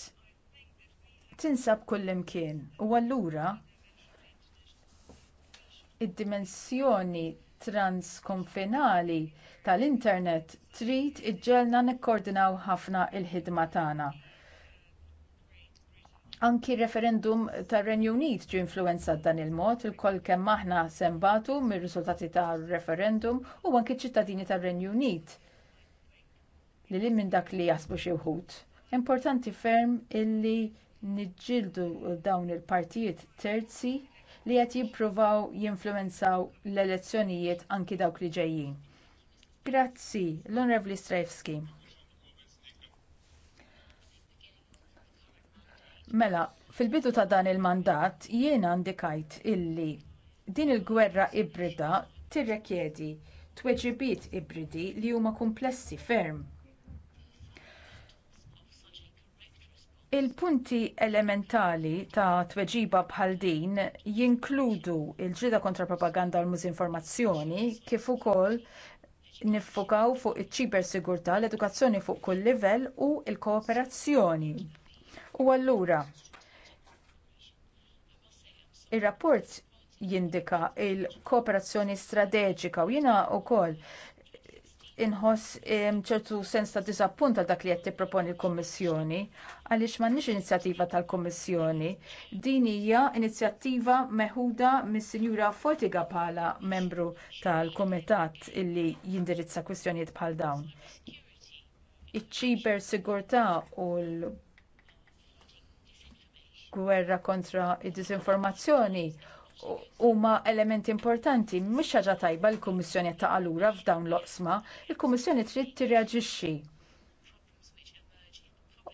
tinsab kullimkien u allura id-dimensjoni transkonfinali tal-internet trid iġġelna nikkoordinaw ħafna l ħidma tagħna Anki referendum tar renju Unit ġie influenzat dan il-mod, il-koll kemm aħna sembatu mir-riżultati tar referendum u anki ċittadini tar renju Unit li li minn dak li jasbu xi wħud. Importanti ferm illi niġġieldu dawn il-partijiet terzi li qed jippruvaw jinfluwenzaw l-elezzjonijiet anki dawk li ġejjin. Grazzi, l-Onorevoli Mela, fil-bidu ta' dan il-mandat jiena għandikajt illi din il-gwerra ibrida tirrekjedi tweġibiet ibridi li huma komplessi ferm. Il-punti elementali ta' tweġiba bħal din jinkludu l ġida kontra propaganda u l-mużinformazzjoni kif ukoll niffokaw fuq iċ-ċibersigurtà, l-edukazzjoni fuq kull livell u l-kooperazzjoni U allura ir-rapport jindika l kooperazzjoni strateġika u jiena wkoll inħoss ċertu sens ta' disappunt għal dak li qed tipproponi l-Kummissjoni għaliex m'għandniex inizjattiva tal-Kummissjoni. Din hija inizjattiva meħuda mis-Sinjura Fotiga bħala membru tal-Kumitat illi jindirizza kwistjonijiet bħal dawn. Iċ-ċiber sigurtà u l gwerra kontra id-disinformazzjoni huma elementi importanti mhux ħaġa tajba l-Kummissjoni qed taqalura f'dawn l-oqsma, il-Kummissjoni trid tirreaġixxi.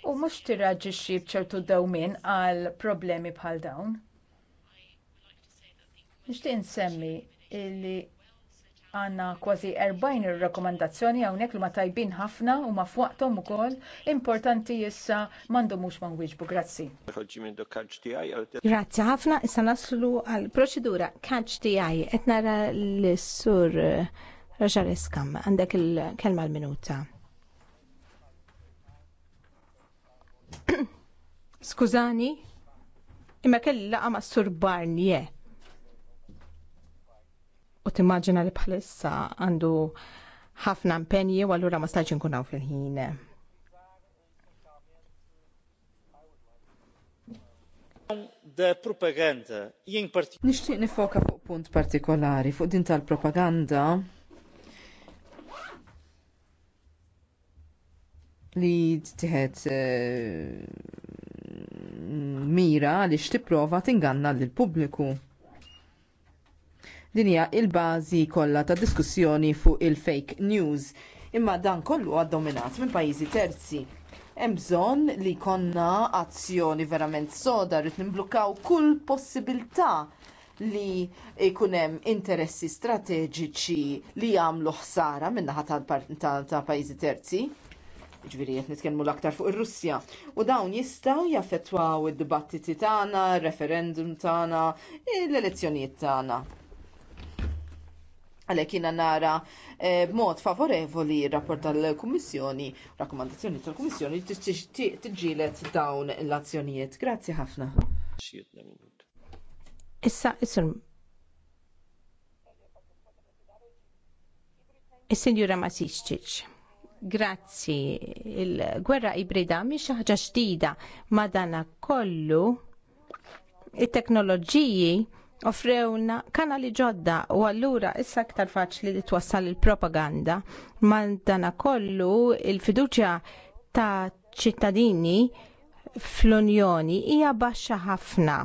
U mhux tirreaġixxi b'ċertu dewmien għal problemi bħal dawn. Nixtieq insemmi illi Għanna kważi 40 ir-rakkomandazzjoni hawnhekk li ma tajbin ħafna u ma fuqthom ukoll importanti issa mhux ma nwieġbu. Grazzi. Grazzi ħafna issa naslu għal proċedura catch TI. qed nara l-sur eh, Raġar Iskam għandek il-kelma l-minuta. Skużani, imma kelli laqa ma' Sur Barnier u timmaġina li bħalissa għandu ħafna impenji u allura ma staġin kunaw hawn fil-ħin. Nixtieq nifoka fuq punt partikolari fuq din tal-propaganda li tiħed eh, mira li x'tipprova tinganna lill pubbliku Din hija il-bażi kollha ta' diskussjoni fuq il-fake news. Imma dan kollu għaddominat minn pajjiżi terzi. Hemm bżonn li jkollna azzjoni verament soda rrid nimblukaw kull possibilità li jkun hemm interessi strateġiċi li jagħmlu ħsara min-naħa ta' pajjiżi terzi. Ġviri, qed nitkellmu l-aktar fuq ir russja U dawn jistgħu jaffettwaw id-dibattiti tagħna, referendum tagħna, l-elezzjonijiet tagħna. Għalhekk jiena nara eh, b'mod favorevoli r-rapport tal-Kummissjoni, rakkomandazzjoni tal-Kummissjoni ġilet dawn l-azzjonijiet. Grazzi ħafna. Issa, issa, Is-Sinjura Masiċċiċ, Grazzi. Il-gwerra ibrida mhix ħaġa ġdida dana kollu il teknoloġiji offrewna kanali ġodda u allura issa aktar faċli li twassal il-propaganda. Ma dana kollu il-fiduċja ta' ċittadini fl-Unjoni hija baxxa ħafna.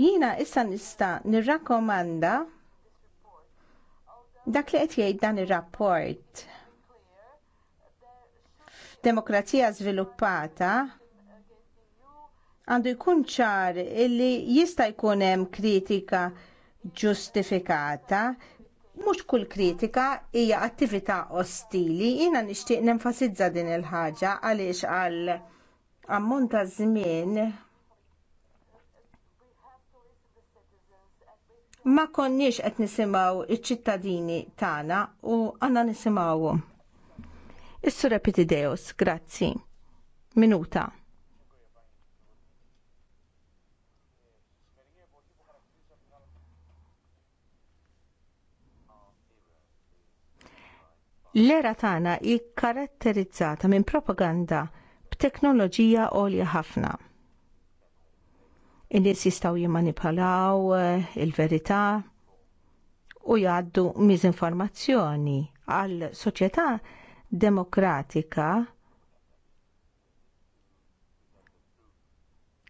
Jiena issa nista' nirrakkomanda dak li qed jgħid dan ir-rapport demokrazija sviluppata għandu jkun ċar illi jista' jkun hemm kritika ġustifikata mhux kull kritika hija attività ostili, jiena nixtieq nenfasizza din il-ħaġa għaliex għal ammont ta' żmien ma konniex qed nisimgħu iċ-ċittadini tagħna u għandna nisimgħuhom is sura Pitideos, grazzi. Minuta. L-era tagħna ikkaratterizzata minn propaganda b'teknoloġija għolja ħafna. In-nies jistgħu jimmanipalaw eh, il-verità u jgħaddu miżinformazzjoni għal soċjetà demokratika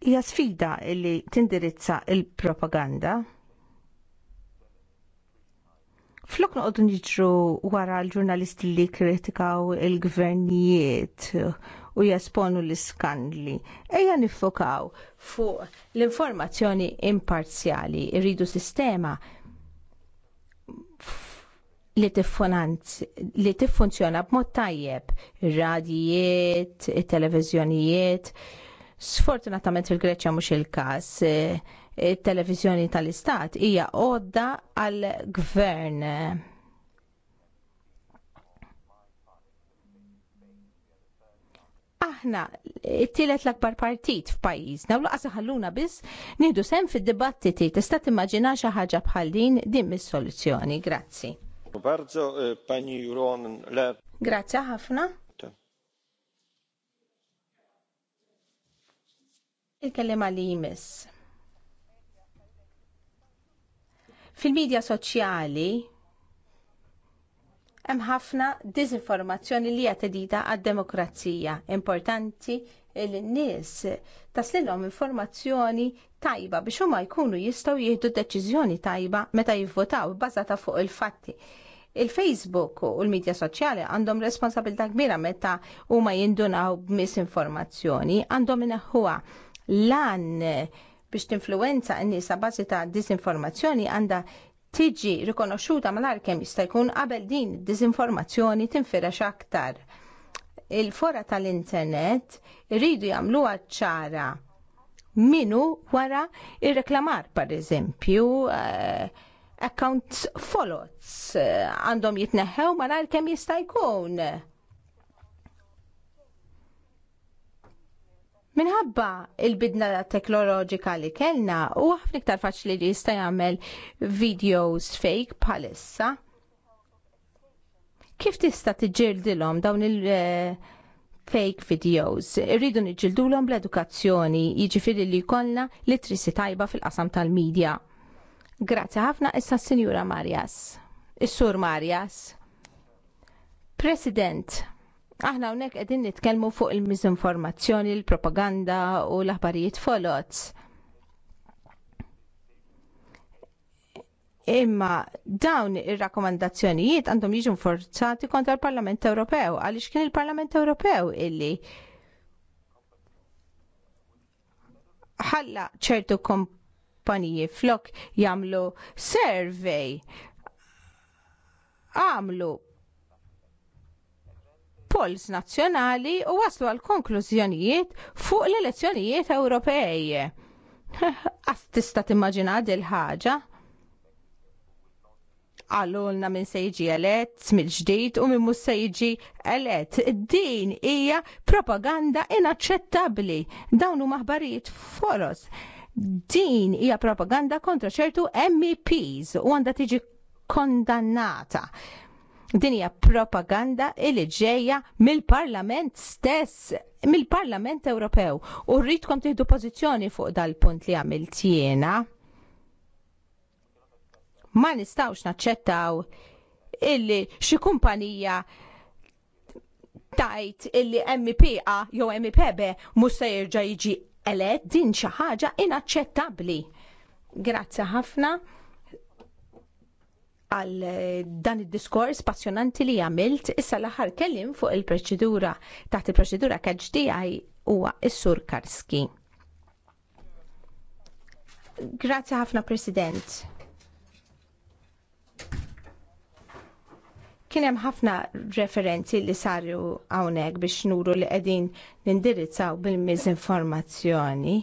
hija sfida li tindirizza l propaganda Flok noqogħdu niġru wara l-ġurnalisti li kritikaw il-gvernijiet u jesponu l-iskandli. Ejja niffokaw fuq l-informazzjoni imparzjali, irridu sistema li li tiffunzjona b'mod tajjeb, ir-radijiet, it-televiżjonijiet. Sfortunatament fil-Greċja mhux il-każ, it-televiżjoni tal-Istat hija għodda għall gvern aħna it-tielet l-akbar partit f'pajjiżna u laqas ħalluna biss nieħdu sem fid-dibattiti tista' timmaġina xi ħaġa bħal din din mis-soluzzjoni. Grazzi. Bardzo, e, Grazie ħafna. Il-kellem għalli jmiss. Fil-medja soċjali, hemm ħafna diżinformazzjoni li hija tedida għad-demokrazija. Importanti li n-nies taslilhom informazzjoni tajba biex huma jkunu jistgħu jieħdu deċiżjoni tajba meta jivvotaw bbażata fuq il-fatti. Il-Facebook u l-medja soċjali għandhom responsabilità kbira meta huma jindunaw b'misinformazzjoni, għandhom inaħħuha lan biex tinfluwenza n-nisa bażi ta' disinformazzjoni għandha tiġi rikonoxxuta mal kemm jista' jkun qabel din id-diżinformazzjoni tinfirex aktar. Il-fora tal-internet rridu jagħmluha ċara minu wara ir-reklamar pereżempju uh, eh, accounts follows eh, għandhom jitneħħew malajr kemm jista' jkun. Minħabba il-bidna teknoloġika li kellna u ħafna ktar faċli li jista' jagħmel videos fake bħalissa. Kif tista' tiġġirdilhom dawn il- eh, fake videos. Irridu niġġildulhom bl-edukazzjoni, jiġifieri li jkollna literacy tajba fil-qasam tal-medja. Grazzi ħafna issa s Sinjura Marjas. Is-Sur Marjas. President, Aħna hawnhekk qegħdin nitkellmu fuq il-miżinformazzjoni, il-propaganda u l-aħbarijiet folots. Imma dawn ir-rakkomandazzjonijiet għandhom jiġu forzati kontra l-Parlament Ewropew għaliex kien il-Parlament Ewropew illi ħalla ċertu kompaniji flok jagħmlu survey għamlu polls nazzjonali u waslu għal konklużjonijiet fuq l-elezzjonijiet Ewropej. Għast tista timmaġina il ħaġa għallulna minn se jiġi elett, mill-ġdid u minn se jiġi elett. Din hija propaganda inaċċettabbli. Dawn huma aħbarijiet foros. Din hija propaganda kontra ċertu MEPs u għandha tiġi kondannata. Din hija propaganda li ġejja mill-Parlament stess, mill-Parlament Ewropew. U rridkom tieħdu pożizzjoni fuq dal-punt li għamilt jiena. Ma nistawx naċċettaw illi xi kumpanija tajt illi MPA jew MPB mhux se jerġa' jiġi eled din xi ħaġa inaċċettabbli. Grazzi ħafna għal eh, dan id-diskors passjonanti li għamilt issa l-aħħar kellim fuq il-proċedura taħt il-proċedura KHDI huwa s-Sur Karski. Grazie ħafna President. Kien hemm ħafna referenzi li saru hawnhekk biex nuru li qegħdin nindirizzaw bil-miżinformazzjoni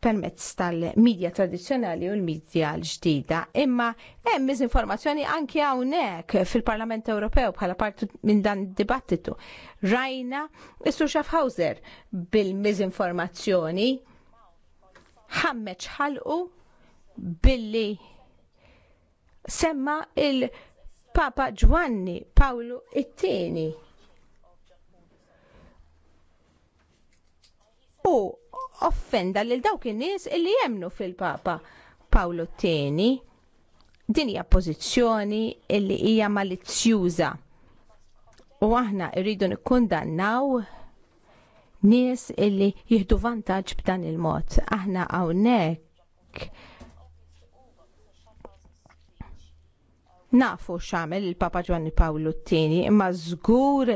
permezz tal-medja tradizzjonali u l-medja l-ġdida. Imma hemm miżinformazzjoni anke hawnhekk fil-Parlament Ewropew bħala partu minn dan dibattitu. Rajna issu Schaffhauser bil-miżinformazzjoni ħammeċ ħalqu billi semma il-Papa Giovanni Paolo II u offenda lil dawk in-nies illi jemnu fil-Papa Pawlu tieni Din hija pożizzjoni illi hija malizzjuża. U aħna rridu nikkundannaw nies illi jieħdu vantaġġ b'dan il-mod. Aħna hawnhekk nafu x'għamel il-Papa Ġwanni Pawlu tieni imma żgur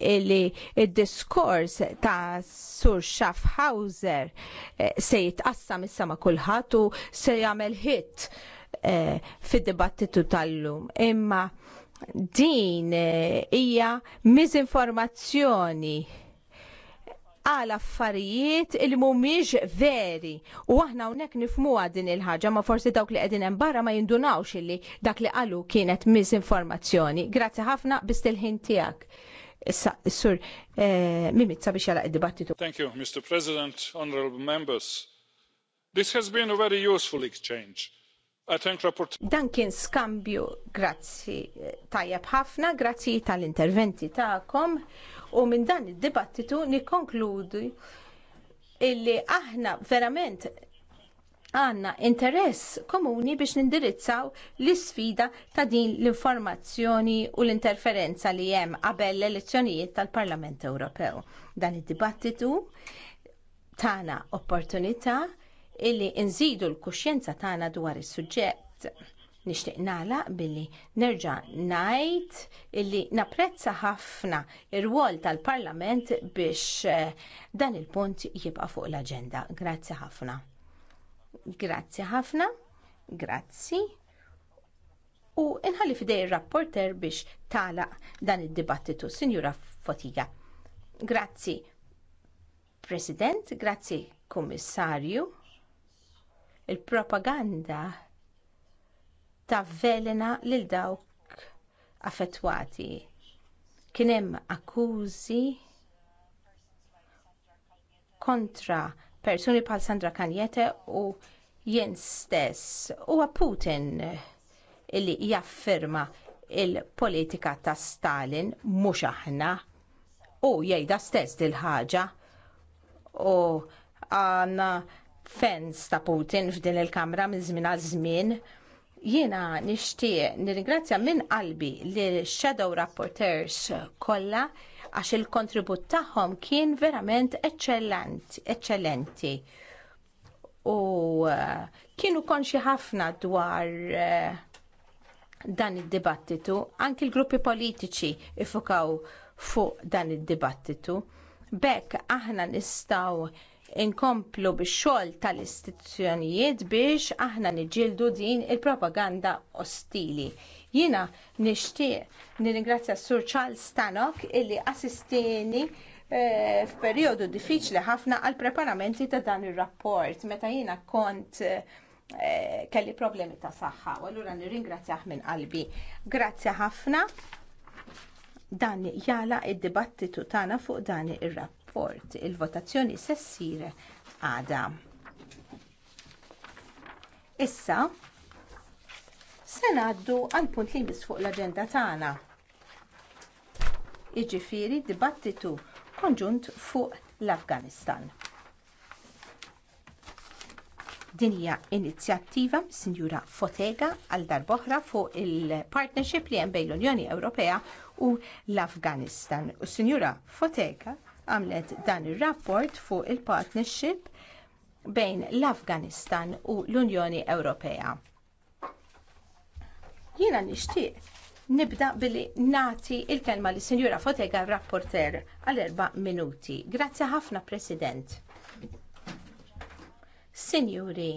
li id-diskors ta' Sur Schaffhauser eh, se jitqassam is ma' kulħadd u se jagħmel hit eh, fid-dibattitu tal-lum. Imma din eh, hija miżinformazzjoni għal affarijiet il mumiġ veri u aħna hawnhekk nifmuha din il-ħaġa ma forsi dawk li qegħdin hemm barra ma jindunawx illi dak li qalu kienet miżinformazzjoni. Grazzi ħafna biss il-ħin tiegħek sur eh, id-dibattitu. Thank you, Mr. President, honorable members. This has been a very useful exchange. Dan kien skambju grazzi tajjeb ħafna, grazzi tal-interventi tagħkom u minn dan id-dibattitu nikkonkludu illi aħna verament għanna interess komuni biex nindirizzaw l isfida ta' din l-informazzjoni u l-interferenza li hemm qabel l-elezzjonijiet tal-Parlament Ewropew. Dan id-dibattitu tagħna opportunità illi nżidu l-kuxjenza tagħna dwar is-suġġett. Nixtieq nagħlaq billi nerġa' ngħid illi napprezza ħafna r wol tal-Parlament biex eh, dan il-punt jibqa' fuq l-aġenda. Grazzi ħafna. Grazzi ħafna, grazzi. U inħalli fidej il-rapporter biex tala dan id-dibattitu, Sinjura Fotiga. Grazzi, President, grazzi, Kummissarju. Il-propaganda tavvelena lil dawk affettwati. Kien hemm akkużi kontra persuni bħal Sandra Kanjete u jien stess huwa Putin illi jaffirma il-politika ta' Stalin mhux aħna u jgħidha stess dil ħaġa u għandna fans ta' Putin f'din il-kamra minn żmien għal żmien. Jiena nixtieq nirringrazzja minn qalbi lil shadow rapporteurs kollha għax il-kontribut tagħhom kien verament eċċellenti. U eh, kienu konxi ħafna dwar eh, dan id-dibattitu, anki l-gruppi politiċi ifukaw fuq dan id-dibattitu. Bekk aħna nistgħu inkomplu bix-xogħol tal-istituzzjonijiet biex aħna niġildu din il-propaganda ostili. Jiena nixtieq nirringrazzja Sur Charles Stanok illi assistini eh, f'periodu f'perjodu diffiċli ħafna għal preparamenti ta' dan ir-rapport meta jiena kont eh, kelli problemi ta' saħħa u allura nirringrazzjah minn qalbi. Grazja ħafna dan jala id-dibattitu tagħna fuq dan ir-rapport. Il Il-votazzjoni se ssir għada. Issa, Se ngħaddu għall punt li jmiss fuq l-aġenda tagħna. Jiġifieri dibattitu konġunt fuq l-Afganistan. Din hija inizjattiva Sinjura Fotega għal darboħra fuq il-partnership li hemm bejn l-Unjoni Ewropea u l-Afganistan. U Sinjura Fotega għamlet dan ir-rapport fuq il-partnership bejn l-Afganistan u l-Unjoni Ewropea. Jiena nixtieq nibda billi nagħti l kelma lis Sinjura Fotega rapporter għal erba' minuti. Grazzi ħafna President. Sinjuri,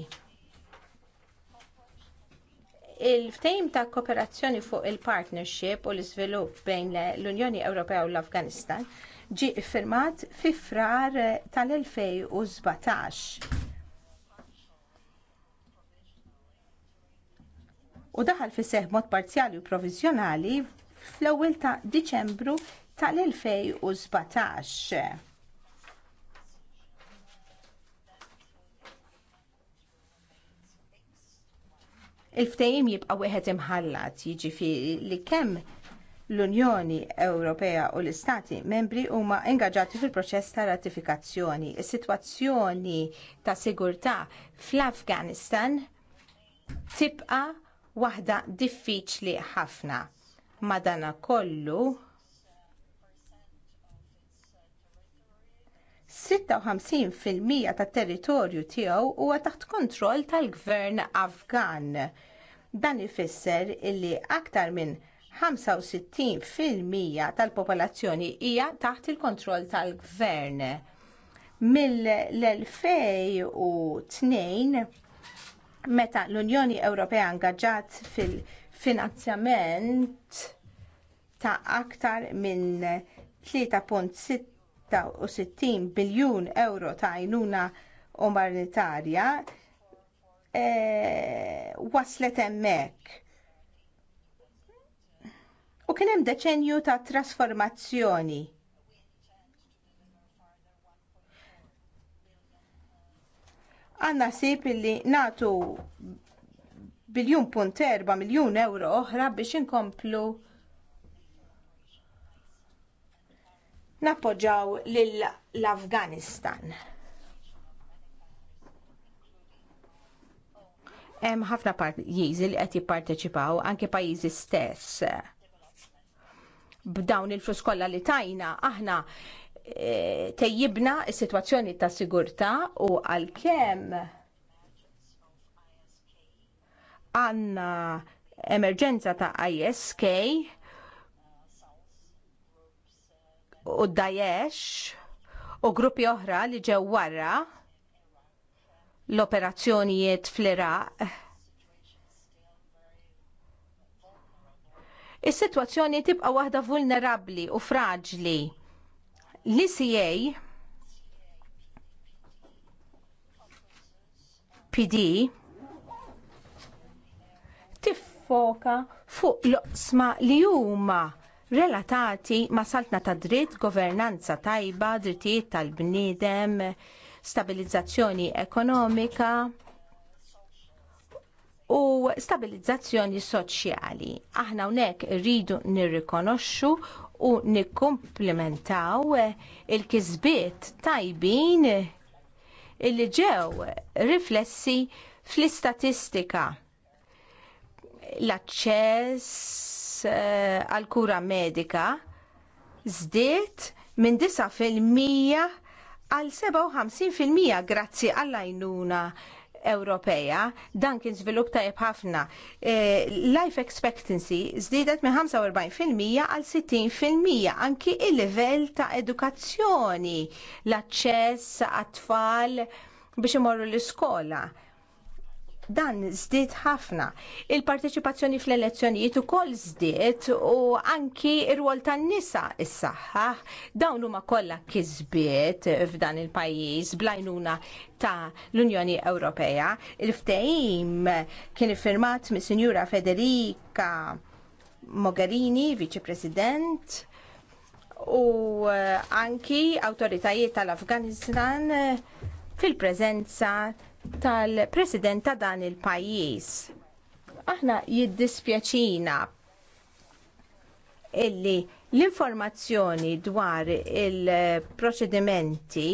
il-ftejm ta' kooperazzjoni fuq il-partnership u l-iżvilupp bejn l-Unjoni Ewropea u l-Afganistan ġie ffirmat fi frar tal-2017 u daħal fi seħħ mod parzjali u proviżjonali fl-ewwel ta' Diċembru tal-2017. Il-ftehim jibqa' wieħed imħallat, jiġifieri li kemm l-Unjoni Ewropea u l-Istati membri huma ingaġġati fil-proċess ta' ratifikazzjoni. Is-sitwazzjoni ta' sigurtà fl-Afganistan tibqa' waħda diffiċli ħafna. Madana kollu 56% tat-territorju tiegħu huwa taħt kontroll tal-Gvern Afgan. Dan ifisser li aktar minn 65% tal-popolazzjoni hija taħt il-kontroll tal-Gvern. Mill-2002 meta l-Unjoni Ewropea ngaġġat fil-finanzjament ta' aktar minn 3.66 biljun euro ta' għajnuna umanitarja e, waslet hemmhekk. U kien hemm deċenju ta' trasformazzjoni għanna sib illi natu biljun punt erba miljun euro oħra biex inkomplu nappoġġaw lill-Afganistan. Hemm ħafna pajjiżi li qed jipparteċipaw anke pajjiżi stess. B'dawn il-flus kollha li tajna aħna E, tejjibna s-sitwazzjoni ta' sigurtà u għalkemm għandna emerġenza ta' ISK u Daesh u gruppi oħra li ġew warra l-operazzjonijiet fl-Iraq. Is-sitwazzjoni tibqa' waħda vulnerabbli u fraġli L-ICA PD tiffoka fuq loqsma li huma relatati ma' saltna ta' dritt, governanza tajba, drittijiet tal-bniedem, stabilizzazzjoni ekonomika, u stabilizzazzjoni soċjali. Aħna hawnhekk rridu nirrikonoxxu u nikkumplementaw il-kisbiet tajbin illi ġew riflessi fl-istatistika. L-aċċess eh, għall kura medika żdied minn 9% għal 57% grazzi għall-għajnuna Ewropea. Dan kien żvilupp tajjeb ħafna. E, life expectancy żdiedet minn 45% għal 60% anki il-livell ta' edukazzjoni, l-aċċess għat-tfal biex imorru l-iskola dan zdiet ħafna. Il-parteċipazzjoni fl-elezzjonijiet ukoll zdiet u anki ir-rwol tan-nisa is-saħħa dawn huma kollha kisbiet f'dan il-pajjiż blajnuna ta' l-Unjoni Ewropea. Il-ftehim kien iffirmat mis Sinjura Federica Mogherini, Viċi President, u eh, anki awtoritajiet tal-Afganistan fil prezenza tal-president ta' dan il-pajjiż. Aħna jiddispjaċina illi l-informazzjoni dwar il-proċedimenti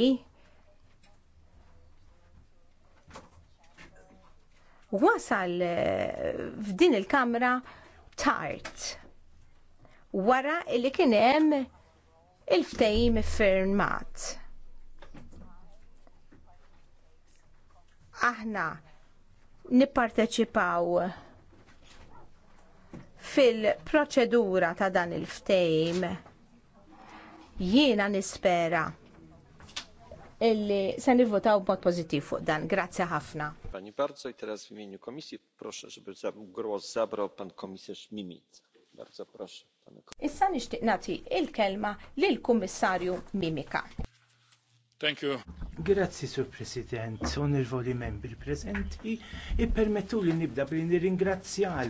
wasal eh, f'din il-kamra tard wara li kien hemm il-ftehim iffirmat aħna nipparteċipaw fil-proċedura ta' dan il-ftejm jiena nispera illi se nivvotaw b'mod pożittiv fuq dan. Grazzi ħafna. Pani bardzo i teraz w imieniu komisji proszę, żeby głos zabrał pan komisarz Mimic. Bardzo proszę. Issa nixtieq nagħti l kelma lill-Kummissarju Mimika. Thank you. Grazzi, Sur President, onorevoli membri presenti. Ippermettu li nibda billi nirringrazzjal